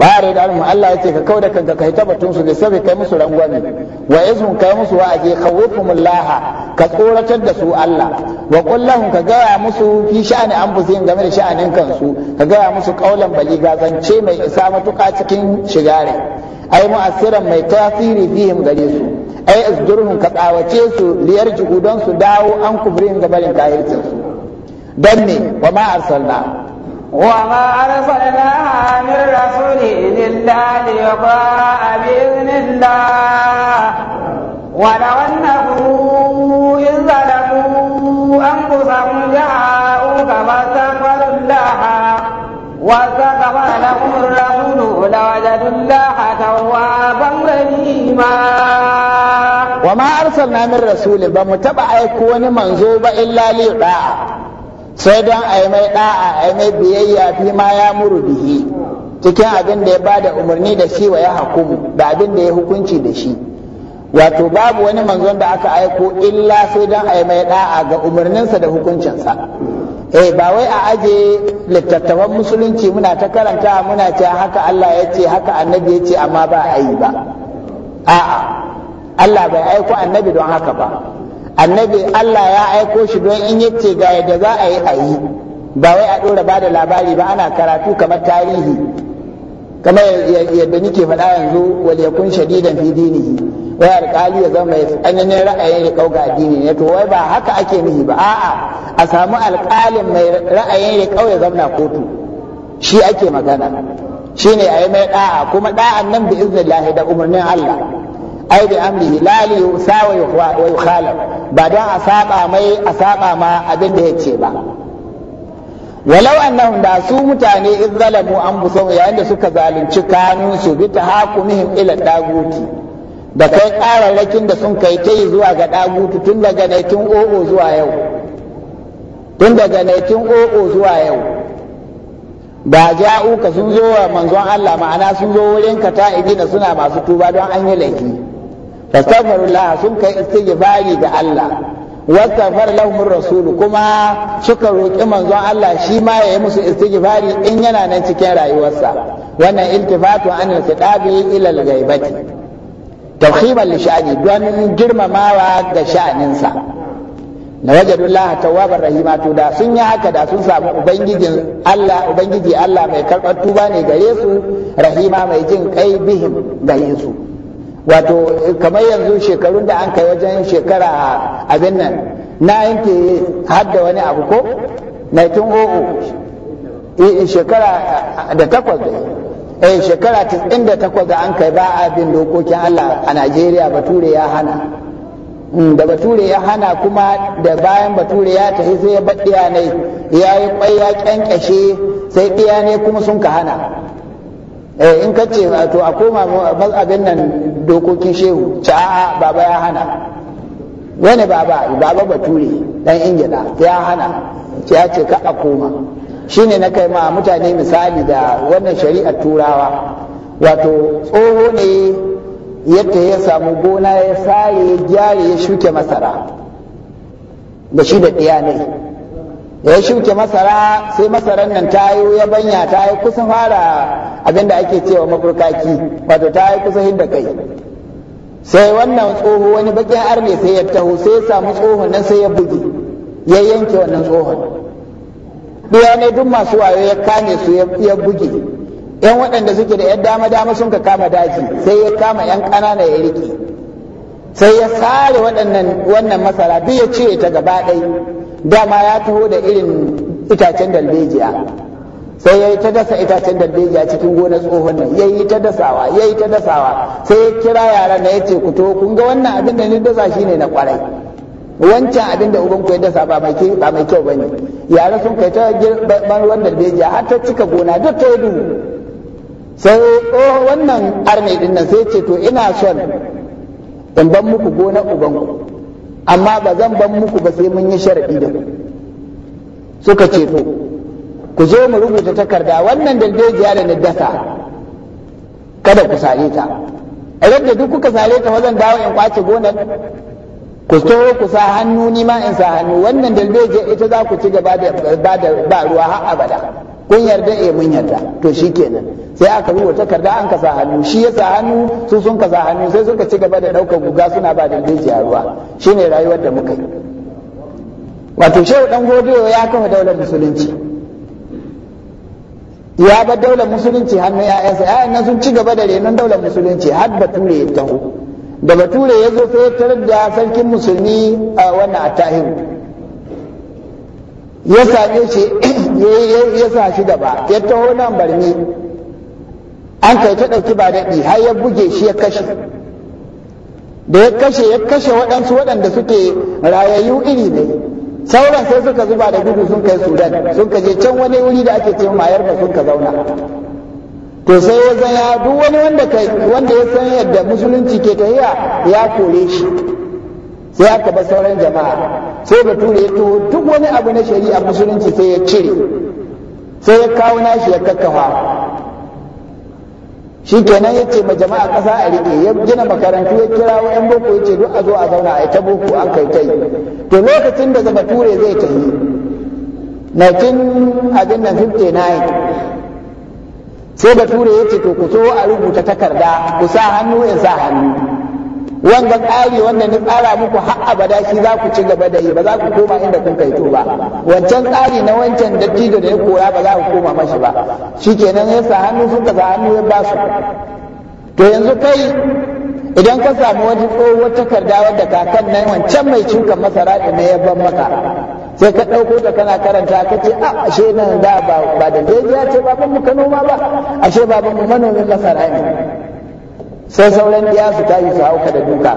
Speaker 1: ware da almu Allah yace ka da kanka kai ta batun su da sabi kai musu rangwami wa sun kai musu wa aje Mullaha, ka tsoratar da su Allah wa kullum ka gaya musu fi sha'ani an zin game da sha'anin kansu ka gaya musu kaulan bali zance mai isa matuka cikin shigare ai mu'assiran mai tasiri fihim gare su ai asdurhum ka tsawace su liyar don su dawo an kubrin gabarin kahircin su Don ne wa ma arsalna
Speaker 2: وما أرسلناها من رسول إلا ليطاع بإذن الله ولو أنهم إذ ظلموا أنفسهم جاءوك فاستغفروا الله واستغفر لهم الرسول لوجدوا الله توابا رحيما
Speaker 1: وما أرسلنا من رسول بمتبع يكون منزوب إلا ليطاع sai don a yi mai ɗa'a a yi mai biyayya fi ma ya muru bihi cikin abin da ya ba da umarni da shi wa ya mu, da abin da ya hukunci da shi wato babu wani manzon da aka aiko illa sai don a yi mai ɗa'a ga umarninsa da hukuncinsa eh ba wai a aje littattafan musulunci muna ta karanta muna ce haka Allah ya ce haka annabi ya ce amma ba a yi ba a'a Allah bai aiko annabi don haka ba annabi Allah ya aiko shi don in yace ga yadda za a yi a yi ba wai a ɗora ba da labari ba ana karatu kamar tarihi kamar yadda nike faɗa yanzu wal yakun shadidan fi dinihi wai alƙali ya zama mai tsananin ra'ayin riƙau ga addini ne to wai ba haka ake nufi ba a'a a samu alƙalin mai ra'ayin riƙau ya zamna kotu shi ake magana shine a yi mai ɗa'a kuma ɗa'an nan bi iznillahi da umarnin Allah ai bi amrihi la li yusawa wa yukhalaf ba don a saba mai a saba ma abin da ya ba walau annahum da su mutane in zalamu an busau yayin da suka zalunci kanun su bi ta hakumihim ila daguti da kai kararrakin da sun kai ta yi zuwa ga daguti tun daga naitin o'o zuwa yau tun daga naitin o'o zuwa yau ba ja'uka sun zo wa manzon Allah ma'ana sun zo wurin ka ta suna masu tuba don an yi laifi fastaghfirullah sun kai istighfari ga Allah wastaghfar lahum rasulu kuma suka roki manzon Allah shi ma ya yi musu istighfari in yana nan cikin rayuwarsa wannan iltifatu an al-khitabi ila al-ghaibati tawhiman li don girmamawa ga sha'aninsa na wajadullah tawwabar rahima to da sun yi haka da sun samu ubangijin Allah ubangiji Allah mai karɓar tuba ne gare su rahima mai jin kai bihim gare su wato kamar yanzu shekarun da an kai wajen shekara abin nan na yanke hadda wani abu ko 1900 eh, eh, shekara eh, da takwas yi shekara 98 da an kai ba a bin dokokin Allah a Najeriya bature ya hana mm, da bature ya hana kuma da bayan bature ya tafi sai ya baɗiya ne ya yi ƙwai ya ƙyanƙyashe sai ɗiya ne kuma sun ka hana Eh, in ka ce wato a koma abin nan dokokin shehu ta baba ya hana wani baba baba bature dan ingila ya hana ya ce ka a koma shine na kai ma mutane misali da wannan shari'ar turawa wato tsoho ne yadda ya samu gona ya sare ya gyara ya shuke masara da shi da ɗiya ne ya shuke masara sai masaran nan ta yi ya banya ta yi kusan fara abin da ake cewa maburkaki wato ta yi kusa da kai sai wannan tsoho wani bakin arne sai ya taho sai ya samu tsohon nan sai ya buge ya yanke wannan tsohon ɗaya ne duk masu wayo ya kame su ya buge yan waɗanda suke da yan dama dama sun ka kama daji sai ya kama yan ƙanana ya rike sai ya sare waɗannan wannan masara duk ya cire ta gaba ɗaya dama ya taho da irin itacen dalbejiya sai ya yi ta dasa itacen dalbejiya cikin gona tsohon nan ya yi ta dasawa ya yi ta dasawa sai ya kira yara na ya ce ku to kun ga wannan abin da ni dasa shi ne na kwarai wancan abin da uban ku ya dasa ba mai kyau ba ne. kyau yara sun kai ta girban ruwan dalbejiya har ta cika gona duk ta duhu sai wannan arne din sai ce to ina son in ban muku gona uban amma ba zan ban muku ba sai mun yi sharadi da ku suka ce to ku zo mu rubuta takarda wannan dalbejiya da na dasa kada ku sare ta a yadda duk kuka sare ta wajen dawo in kwace gonar ku so ku sa hannu ni ma in sa hannu wannan dalbejiya ita za ku ci gaba da ba ruwa har abada kun yarda eh mun yarda to shikenan sai aka rubuta takarda an kasa hannu shi ya sa hannu su sun kasa hannu sai suka ci gaba da ɗaukar guga suna ba da a ruwa shine rayuwar da muka yi wato shehu dan godiyo ya kafa daular musulunci ya ba daular musulunci hannun ya'yansa ya'yan nan sun ci gaba da renon daular musulunci har bature ya taho da bature ya zo sai ya tarar da sarkin musulmi a wannan atahiru ya same shi ya sa shi da ba, ya taho nan barni an kai ta ɗauki ba daɗi har ya buge shi ya kashe da ya kashe ya kashe waɗansu waɗanda suke rayayyu iri ne sauran sai suka zuba da gudu sun kai sudan sun ka je can wani wuri da ake cewa mayar da sun ka zauna to sai ya zanya duk wani wanda kai wanda ya san yadda musulunci ke tafiya ya kore shi sai aka ba sauran jama'a sai bature ya to duk wani abu na shari'a musulunci sai ya cire sai ya kawo nashi ya kakkafa shi kenan ya ce ma jama'a ƙasa a riƙe ya gina makarantu ya kira wa 'yan boko ya ce duk a zo a zauna a ta boko an kai ta to lokacin da zama ture zai tafi yi. sai bature ya ce to ku so a rubuta takarda ku sa hannu in sa hannu wanga tsari wanda na tsara muku har abada shi za ku ci gaba da yi ba za ku koma inda kun kai to ba wancan tsari na wancan dattijo da ya koya ba za ku koma mashi ba shikenan ya sa hannu suka sa hannu ya basu to yanzu kai idan ka samu wani tsohuwar takarda wadda kakan nan wancan mai shuka masara da na yabban maka sai ka ɗauko ta kana karanta ka ce a ah, ashe nan da ba da daidai ya ce babanmu ka noma ba ashe babanmu manomin masara ne sai sauran biya su yi su hauka da duka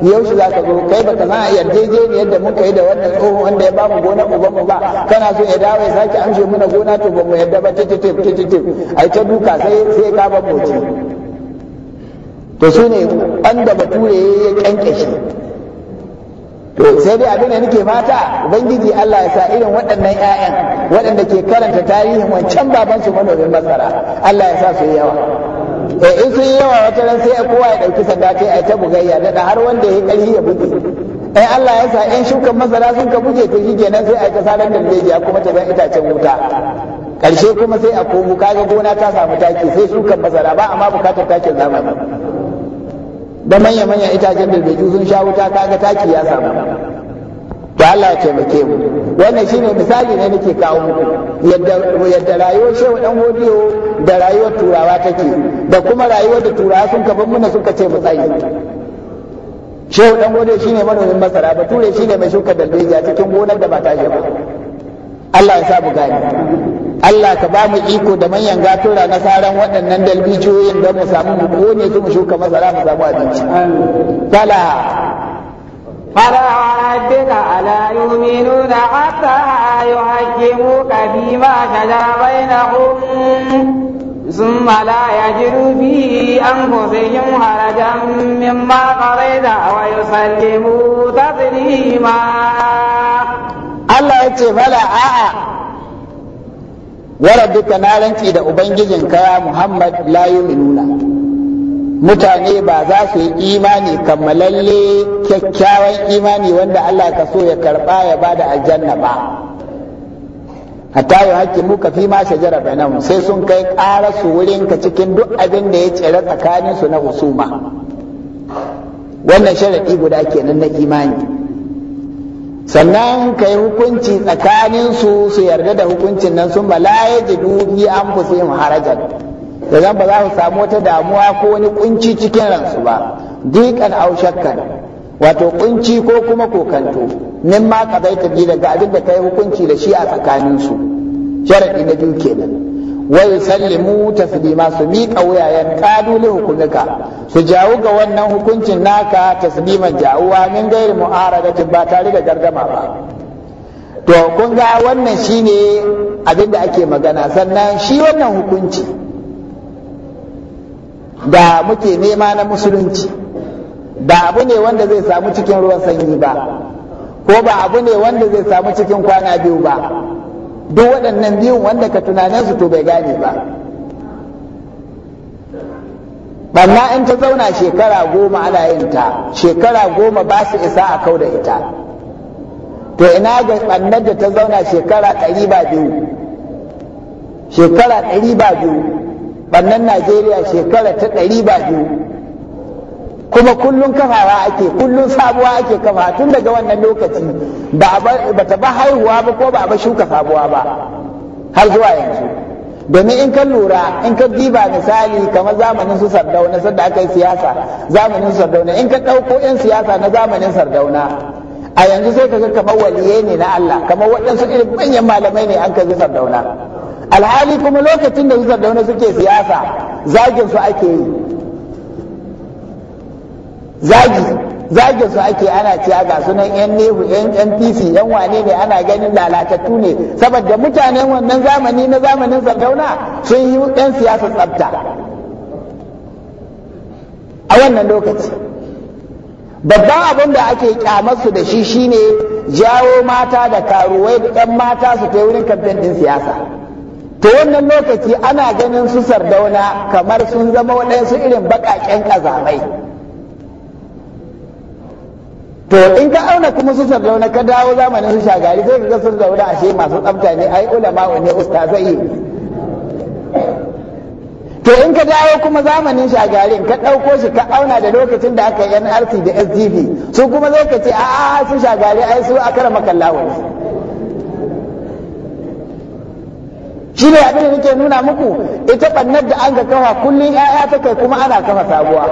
Speaker 1: yaushe za ka zo kai ba baka san a yarjejeniyar da muka yi da wannan tsohon wanda ya bamu gona ubanmu ba kana so ya dawo ya sake amshe muna gona to ba mu yarda ba tititif tititif ai ta duka sai sai ka ba to su ne wanda bature ya kyankyashe to sai dai abin da nake mata ubangiji Allah ya sa irin waɗannan ƴaƴan waɗanda ke karanta tarihin wancan babansu manomin masara Allah ya sa su yawa eh in sun yi yawa wata ran sai kowa ya ɗauki sanda ta a ta bugayya daga har wanda ya ƙarfi ya buge in Allah ya sa in shukan masara sun ka buge ta shi kenan sai a ta sarar da ya kuma ta zan itacen wuta ƙarshe kuma sai a komo kaga gona ta samu taki sai shukan masara ba amma bukatar takin zamani da manya-manyan itacen da sun sha wuta kaga taki ya samu to Allah ya taimake mu wannan shine misali ne nake kawo muku yadda yadda rayuwar shehu dan godiyo da rayuwar turawa take da kuma rayuwar da turawa sun kafa muna suka ce mu tsayi shehu dan godiyo shine manomin masara bature shine mai shuka dalbejiya cikin gonar da ba ta ba Allah ya sa mu gani Allah ka ba mu iko da manyan gatura na saran waɗannan dalbijiyoyin don mu samu mu kone su mu shuka masara mu samu abinci. Fala
Speaker 2: فلا وربك لا يؤمنون حتى يحكموك فيما شجر بينهم ثم لا يجدوا في أنفسهم حرجا مما قضيت ويسلموا تسليما Allah ya ce fala
Speaker 3: a'a
Speaker 1: wa rabbika na rantsi da ubangijinka ya Muhammad la yu'minuna mutane ba za su yi imani kammalalle kyakkyawan imani wanda Allah ka so ya karba ya bada aljanna ba hatta yau hakki muka fi ma shajara nan sai sun kai ƙara su wurin ka cikin duk abin da ya tsere tsakanin su na husuma wannan sharadi guda kenan na imani sannan kai hukunci tsakanin su su yarda da hukuncin nan sun ba la yajidu an anfusihim harajan da zan ba za su samu wata damuwa ko wani kunci cikin ransu ba dikan au shakkan wato kunci ko kuma kokanto min ma ta bi daga abin da yi hukunci da shi a tsakanin su sharadi na biyu kenan wa yusallimu taslima su miƙa wuyayen ƙaluli hukumika su jawo ga wannan hukuncin naka tasliman jawuwa min gairi mu'aradatin ba tare da gargama ba to kun ga wannan shine abin da ake magana sannan shi wannan hukunci da muke nema na musulunci ba abu ne wanda zai samu cikin ruwan sanyi ba ko ba abu ne wanda zai samu cikin kwana biyu ba duk waɗannan biyun wanda ka tunaninsu to bai gane ba banna in ta zauna shekara goma ana yin ta shekara goma ba su isa a kau da ita to ina ga bannar da ta zauna shekara ɗari ba biyu shekara ɗari ba biyu bannan najeriya shekara ta ɗari ba biyu kuma kullum kafawa ake kullum sabuwa ake kafa tun daga wannan lokaci ba ta ba haihuwa ba ko ba a ba shuka sabuwa ba har zuwa yanzu domin in ka lura in ka diba misali kamar zamanin su sardauna sadda aka yi siyasa zamanin sardauna in ka ɗauko 'yan siyasa na zamanin sardauna a yanzu sai ka ga kamar waliyai ne na Allah kamar waɗansu irin manyan malamai ne an ka sardauna alhali kuma lokacin da yusuf da suke siyasa zagin su ake yi zagi zagin su ake ana ciya ga sunan yan nehu yan yan yan wane ne ana ganin lalatattu ne saboda mutanen wannan zamani na zamanin sardauna sun yi yan siyasa tsabta a wannan lokaci babban abin da ake kyamarsu da shi shine jawo mata da karuwai da 'yan mata su ta wurin kamfen ɗin siyasa to wannan lokaci ana ganin su sardauna kamar sun zama waɗansu irin baƙaƙen ƙazamai to in ka auna kuma su sardauna ka dawo zamanin su shagari sai ka ga sun zauna ashe masu tsafta ne ai ulama ne ustazai to in ka dawo kuma zamanin shagari ka ɗauko shi ka auna da lokacin da aka yi nrc da sdp su kuma zai ka ce a su shagari ai su kara makallawa shi ne abin da nake nuna muku ita bannar da an ga kafa kullum ya'ya ta kai kuma ana kafa sabuwa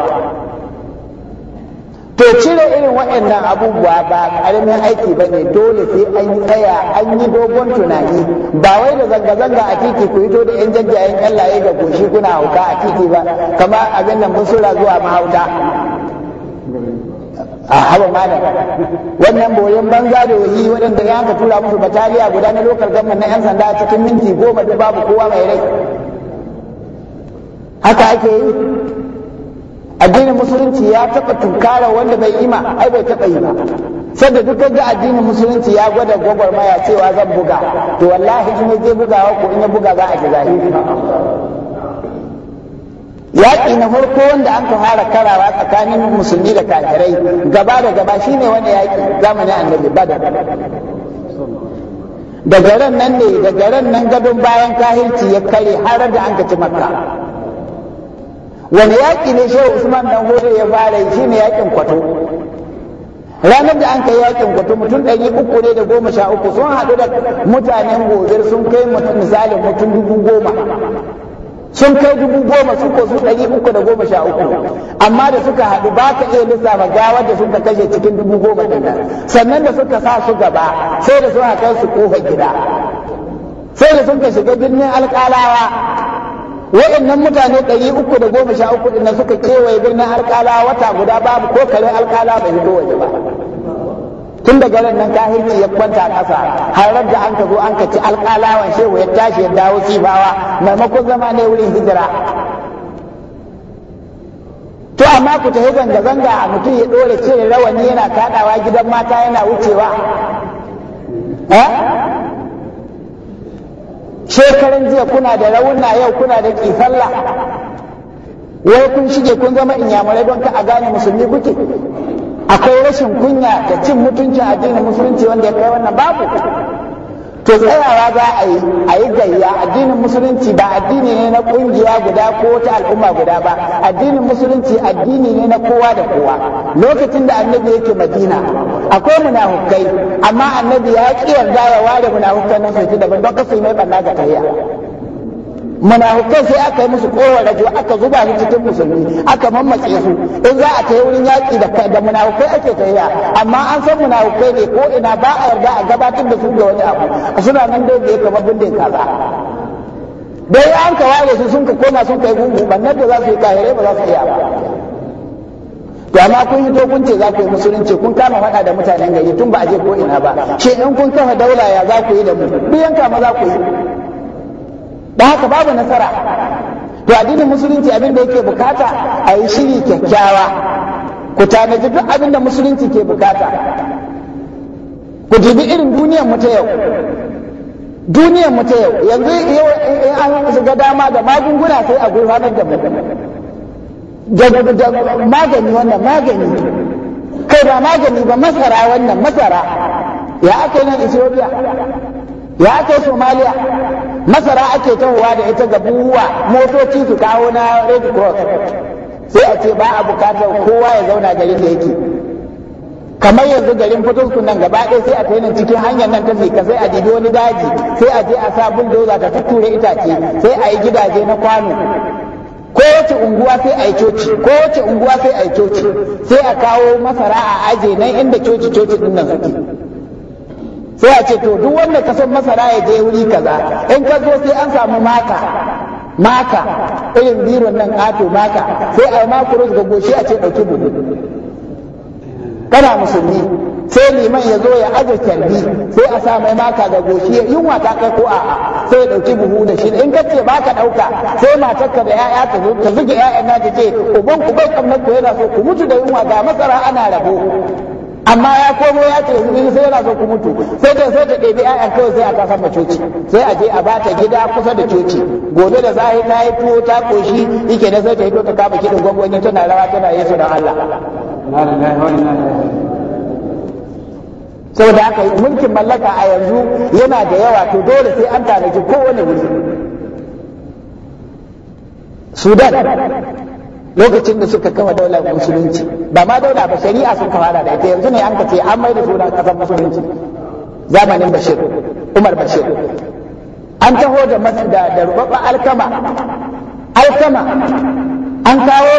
Speaker 1: to cire irin waɗannan abubuwa ba ƙaramin aiki ba ne dole sai an yi tsaya an yi dogon tunani ba wai da zanga-zanga a titi ku hito da 'yan jajjayen laye ga goshi kuna hauka a titi ba kamar abin nan mun sura zuwa mahauta a hawa malam wannan boyen banza da wayi waɗanda ya ka tura musu bataliya guda na lokal gamman na yan sanda cikin minti goma da babu kowa mai rai haka ake yi addinin musulunci ya taɓa tunkara wanda bai ima ai bai taɓa yi ba sadda duk ga addinin musulunci ya gwada gwagwarmaya cewa zan buga to wallahi in ya je bugawa ko in ya buga za a ji zahiri yaƙi na farko wanda an fara karawa tsakanin musulmi da kafirai gaba da gaba shine wanda yaƙi zamanin annabi badar daga ran nan ne daga ran nan gadon bayan kahirci ya kare har da an kaci makka wani yaƙi ne shehu usman dan hore ya fara shi ne yaƙin kwato ranar da an kai yaƙin kwato mutum ɗari uku ne da goma sha uku sun haɗu da mutanen gobir sun kai mutum misalin mutum dubu goma sun kai dubu goma su ko su ɗari uku da goma sha uku amma da suka haɗu ba ka iya ma gawar da suka kashe cikin dubu goma ɗin nan sannan da suka sa su gaba sai da suka kai su kofar gida sai da suka shiga birnin alƙalawa waɗannan mutane ɗari uku da goma sha uku ɗin suka kewaye birnin alƙalawa wata guda babu ko kare alƙalawa bai hito waje ba tun da ran nan kahirci ya kwanta kasa har da an ka zo an ka ci alƙalawan shehu ya tashi ya dawo sibawa maimakon zama ne wurin hijira to amma ku ta tafi da zanga a mutum ya ɗora cire rawani yana kaɗawa gidan mata yana wucewa shekaran jiya kuna da rauna yau kuna da ƙifalla wai kun shige kun zama inyamurai don ka a gane musulmi kuke akwai rashin kunya da cin mutuncin addinin musulunci wanda ya kai wannan babu to tsayawa za a yi a yi gayya addinin musulunci ba addini ne na kungiya guda ko ta al'umma guda ba addinin musulunci addini ne na kowa da kowa lokacin da annabi yake madina akwai munafukai amma annabi ya ƙi yarda ya ware munafukan nan sauki daban don kasu mai ɓanna ga kariya munafikai sai aka yi musu kowar rajo aka zuba su cikin musulmi aka mammatse su in za a kai wurin yaƙi da da munafikai ake tafiya amma an san munafikai ne ko ina ba a yarda a gabatar da su da wani abu suna nan dai da ya kamar bindin kaza dai ya an su sun ka koma sun kai gungu bannan da za su yi kahirai ba za su iya ba to amma kun yi tokunce za ku yi musulunci kun kama faɗa da mutanen gari tun ba a je ko ina ba shi in kun kafa daula ya za ku yi da mu biyan kama za ku yi da haka babu nasara to addinin musulunci abin da yake bukata a yi shiri kyakkyawa ku tanaji duk abin da musulunci ke bukata ku jibi irin duniyar mu ta yau duniyar mu ta yau yanzu yau in an shiga dama da magunguna sai a gurfanar da Da magani wannan magani kai ba magani ba masara wannan masara ya aka yi nan ethiopia ya aka yi somalia masara ake tahowa da ita ga buwa motoci su kawo na red cross sai a ce ba a bukatar kowa ya zauna garin da yake kamar yanzu garin fitoskun nan gaba ɗaya sai a kai nan cikin hanyar nan ta zika sai a dibi wani daji sai a je a sa bulldozer ta tutture itace sai a yi gidaje na kwano kowace unguwa sai a yi coci kowace unguwa sai a yi coci sai a kawo masara a aje nan inda coci coci dinnan nan suke sai a ce to duk wanda ka son masara ya je wuri kaza in ka zo sai an samu maka maka irin biron nan ato maka sai a ma kurus ga goshi a ce ɗauki buhu kana musulmi sai liman ya zo ya aje kyalbi sai a sa mai maka ga goshi ya yunwa ta kai ko a'a sai ya ɗauki buhu da shi in ka ce baka dauka ɗauka sai matarka da ya'ya ta zo ta zuge ya'yan na ta ce uban ku bai kamar ku yana so ku mutu da yunwa ga masara ana rabo amma ya komo ya ce ni sai yana so ku mutu sai ta sai ta ɗebi ƴaƴan kawai sai a kasa ma coci sai a je a ba ta gida kusa da coci gobe da zahi ta yi tuwo ta koshi yake da sai ta hito ta kama kiɗin gwangwani tana rawa tana yesu don Allah saboda haka mulkin mallaka a yanzu yana da yawa to dole sai an tanaji kowane wuri Sudan lokacin da suka kama daular musulunci ba ma daula ba shari'a sun kama da ita yanzu ne an ka ce an mai da suna kasar musulunci zamanin bashir umar bashir an taho da da rubabba alkama alkama an kawo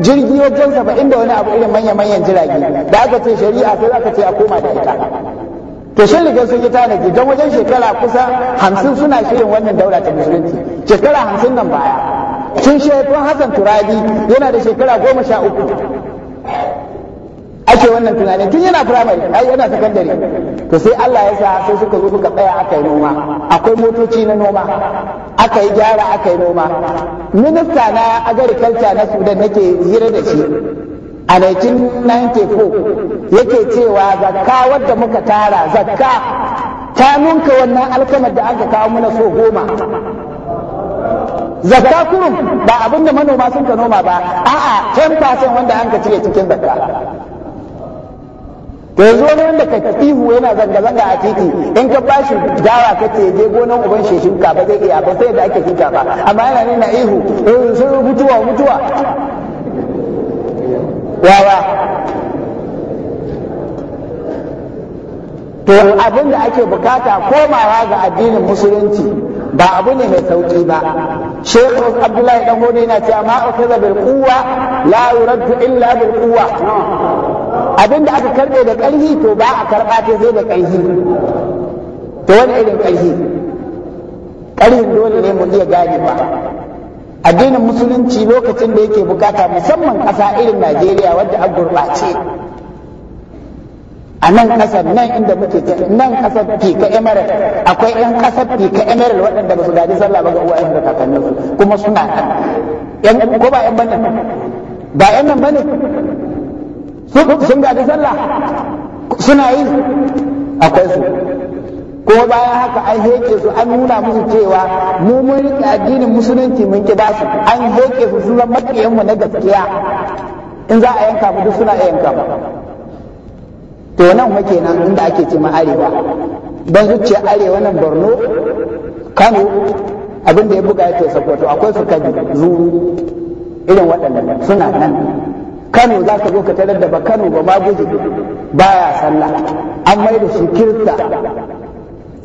Speaker 1: jirgi wajen saba inda wani abu irin manya-manyan jirage da aka ce shari'a sai aka ce a koma da ita to shin rigar sun yi tanaji don wajen shekara kusa hamsin suna shirin wannan daula ta musulunci shekara hamsin nan baya Tun shaifin Hassan Turabi yana da shekara goma sha uku ake wannan tunanin tun yana firamare ai yana sakandare to sai Allah ya sa sai suka zo suka tsaya aka yi noma akwai motoci na noma aka yi gyara aka yi noma minista na agriculture na Sudan nake hira da shi a 1994 yake cewa zakka wadda muka tara zakka ta nunka wannan alkamar da aka kawo mana so goma zakka kurum ba abin da manoma sun ka noma ba a'a percent wanda an ka cire cikin zakka to yanzu wani wanda ka ihu yana zanga-zanga a titi in ka bashi dawa ka ce je gonan uban sheshin ka ba zai iya ba sai da ake shuka ba amma yana nuna ihu eh, sun mutuwa mutuwa wawa to abin da ake bukata komawa ga addinin musulunci ba abu ne mai sauki ba shekhu abdullahi dan gode yana cewa ma ukhadha bil quwwa la yuraddu illa bil abin da aka karbe da ƙarfi to ba a karba ta sai da ƙarfi to wani irin ƙarfi ƙarfin dole ne mu iya gane ba addinin musulunci lokacin da yake bukata musamman ƙasa irin najeriya wadda a gurɓace a nan kasar nan inda muke ta nan kasar fika emirate akwai yan kasar fika emirate waɗanda ba su gaji sallah ba ga uwayen da kakannin su kuma suna kan ko ba yan bane ba yan nan bane sun gaji sallah suna yi akwai su ko bayan haka an heke su an nuna musu cewa mu mun riƙe addinin musulunci mun ki su an heke su sun zama makiyan na gaskiya in za a yanka mu duk suna yanka mu to nan muke nan inda ake cima arewa don zuciya arewa nan borno kano abin da ya buga ya ce sokoto akwai fukadi zuru irin waɗannan suna nan kano za ka zo ka tarar da ba kano ba ma guji baya sallah an mai da shi kirista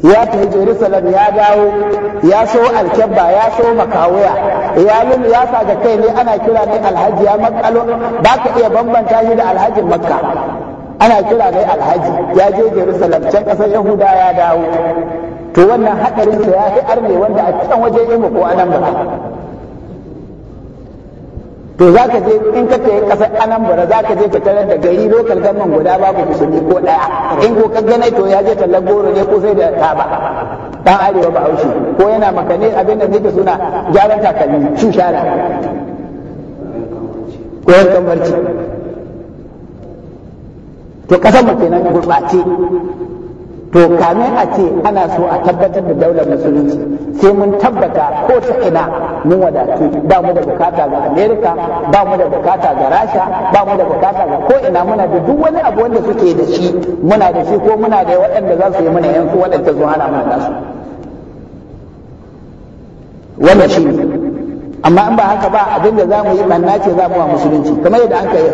Speaker 1: ya tafi jerusalem ya dawo ya so alkebba ya so makawuya ya yi ya sa ga kai ne ana kira ne alhaji ya makalo ba ka iya bambanta shi da alhajin makka ana kira dai alhaji ya je jerusalem can kasar yahuda ya dawo to wannan hadarin sa ya fi arme wanda a can waje imu ko anan bara. to za ka je in ka kai kasar bara, za ka je ka da gari lokal gamman guda babu musulmi ko daya in ko ka gane to ya je tallar goro ne ko sai da taba dan arewa ba haushi ko yana makane abin da nake suna gyaran takalmi shushara ko yan kambarci to kasar mu kenan gurbace to kamin a ce ana so a tabbatar da daular musulunci sai mun tabbata ko ta ina mun wadatu ba mu da bukata ga amerika ba mu da bukata ga rasha ba mu da bukata ga ko ina muna da duk wani abu wanda suke da shi muna da shi ko muna da waɗanda za su yi mana yanzu waɗanda su hana mana nasu wannan shi amma in ba haka ba abinda za mu yi manna ce za mu wa musulunci kamar yadda an kai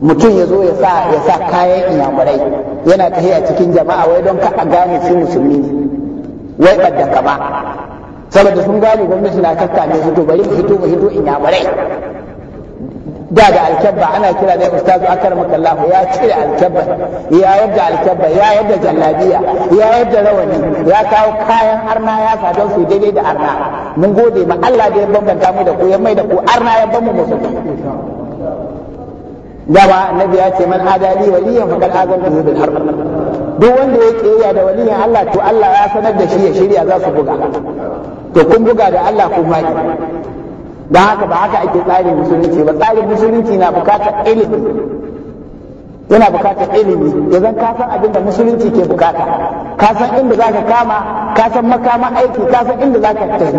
Speaker 1: mutum ya zo ya sa kayan inyamurai yana tafiya cikin jama'a wai don ka a gane shi musulmi ne wai ɓadda ka ba saboda sun gane gwamnati na kakka ne hito bari mu hito mu hito inyamurai da da alkyabba ana kira da ustazu akar makallahu ya cire alkyabba ya yadda alkyabba ya yadda jallabiya ya yadda rawani ya kawo kayan arna ya sa don su daidai da arna mun gode ma Allah da ya bambanta mu da ku ya mai da ku arna ya bamu musulmi dama annabi ya ce man adali waliyan faqad azamtu bil harb duk wanda ya kiyaya da waliyan Allah to Allah ya sanar da shi ya shirya za su buga to kun buga da Allah kun faɗi dan haka ba haka ake tsarin musulunci ba tsarin musulunci na bukatar ilimi yana bukatar ilimi idan kasan ka san abin da musulunci ke bukata ka san inda za ka kama ka san makama aiki ka san inda za ka tafi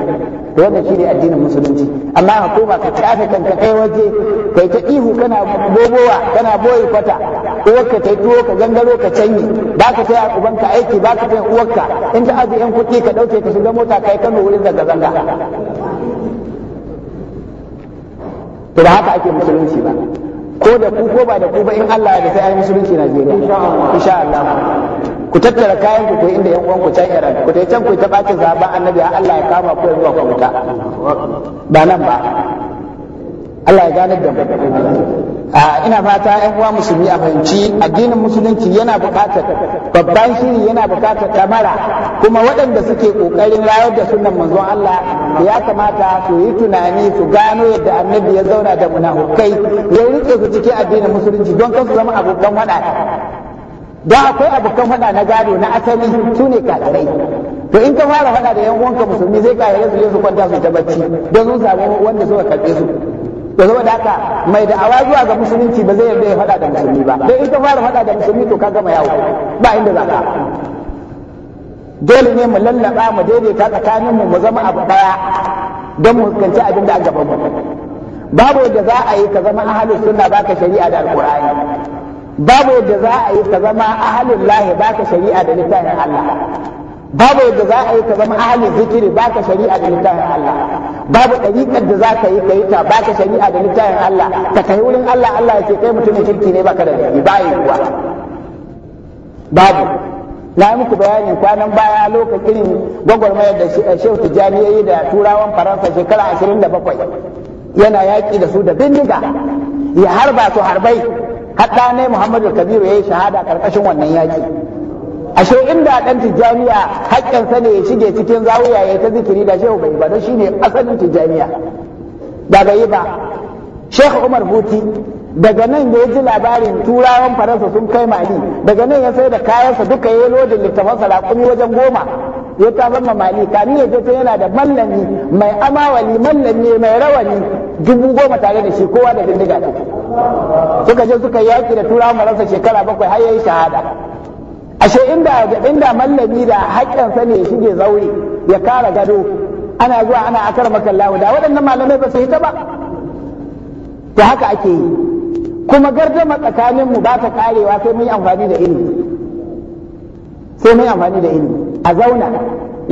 Speaker 1: wannan shi ne addinin musulunci amma ka koma ka tafi kanka kai waje kai ta ihu kana bobowa kana boye kwata uwarka ta tuwo ka gangaro ka canyi ba ka taya ubanka aiki ba ka taya uwarka in ta aje yan kuɗi ka ɗauke ka shiga mota kai kano wurin zanga-zanga to ba haka ake musulunci ba ko da ku ko ba da ku ba in Allah ya sai ai musulunci Najeriya insha Allah ku tattara kayan ku ko inda yan uwan ku can Iran ku tai can ku ta bacin zaba annabi Allah ya kama ku zuwa ku ta ba nan ba Allah ya gane da ina fata yan uwa musulmi a fahimci addinin musulunci yana buƙatar babban shiri yana buƙatar tamara kuma waɗanda suke ƙoƙarin rayar da sunan manzon Allah ya kamata su yi tunani su gano yadda annabi ya zauna da munafukai ya rike su cikin addinin musulunci don kan su zama abokan waɗa don akwai abokan waɗa na gado na asali su ne kafirai to in ka fara faɗa da yan uwanka musulmi zai kafirai su je su kwanta su ta bacci don sun samu wanda suka karɓe su to da haka mai da awa zuwa ga musulunci ba zai yarda ya faɗa da musulmi ba dai in ka fara faɗa da musulmi to ka gama yawo ba inda za ka dole ne mu lallaba mu daidaita tsakanin mu mu zama abu daya don mu fuskanci abin da a gaban mu babu yadda za a yi ka zama ahlus sunna baka shari'a da alqur'ani babu yadda za a yi ka zama ahlul ba baka shari'a da littafin Allah babu yadda za a yi ka zama ahalin zikiri ba ka shari'a da littafin Allah babu ɗariƙar da za ka yi ka yi ta ba ka shari'a da littafin Allah ka kai wurin Allah Allah ya ce kai mutumin kirki ne ka da dalili ba yi kuwa babu na muku bayanin kwanan baya lokacin irin gwagwarmayar da shehu tijjani ya da turawan faransa shekara ashirin da bakwai yana yaƙi da su da bindiga ya harba su harbai haɗa ne muhammadu kabiru ya yi shahada karkashin wannan yaƙi ashe inda dan tijaniya sa ne ya shige cikin zawiya ya ta zikiri da shehu bai ba don shine asalin tijaniya daga yi ba shehu umar huti daga nan da ya ji labarin turawan faransa sun kai mali daga nan ya sai da kayansa duka ya lodin littafansa raƙumi wajen goma ya ta zama mali kamin ya ta yana da mallami mai amawali mallami mai rawani dubu goma tare da shi kowa da bindiga ta suka je suka yaki da turawan faransa shekara bakwai har ya yi shahada ashe inda inda mallami da sa ne shige zaure ya kara gado ana zuwa ana akar lawo da waɗannan malamai ba su ta ba to haka ake yi kuma gardama tsakanin mu ba ta karewa sai mun yi amfani da ilimi sai mun yi amfani da ilimi a zauna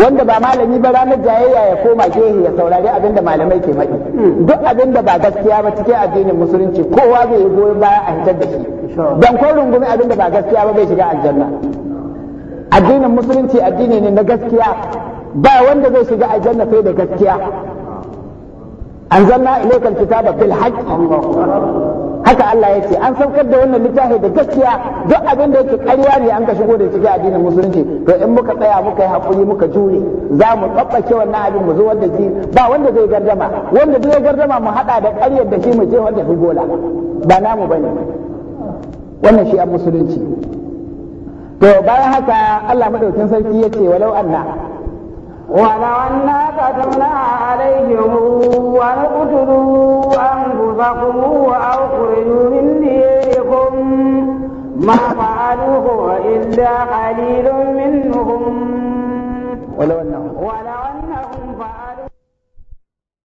Speaker 1: wanda ba malami ba ranar jayayya ya koma gehe ya saurari abinda malamai ke faɗi duk abinda ba gaskiya ba cikin addinin musulunci kowa zai yi goyon baya a hitar da shi don ko rungumi abin da ba gaskiya ba bai shiga aljanna addinin musulunci addini ne na gaskiya ba wanda zai shiga aljanna sai da gaskiya anzalna ilaykal kitaba bil haqq haka Allah ya ce an saukar da wannan littafi da gaskiya duk abin da yake karya ne an ka shigo da cikin addinin musulunci to in muka tsaya muka yi hakuri muka jure za mu tsabbake wannan abin mu zo wanda shi ba wanda zai gardama wanda zai gardama mu hada da karyar da shi mu je wanda shi gola ba namu bane wannan shi a musulunci to bayan haka Allah madaukin sarki ya ce walau anna
Speaker 2: ولو أنا كتبنا عليهم أن اقتلوا أنفسكم أو اخرجوا من ديركم ما فعلوه إلا قليل منهم ولو أنهم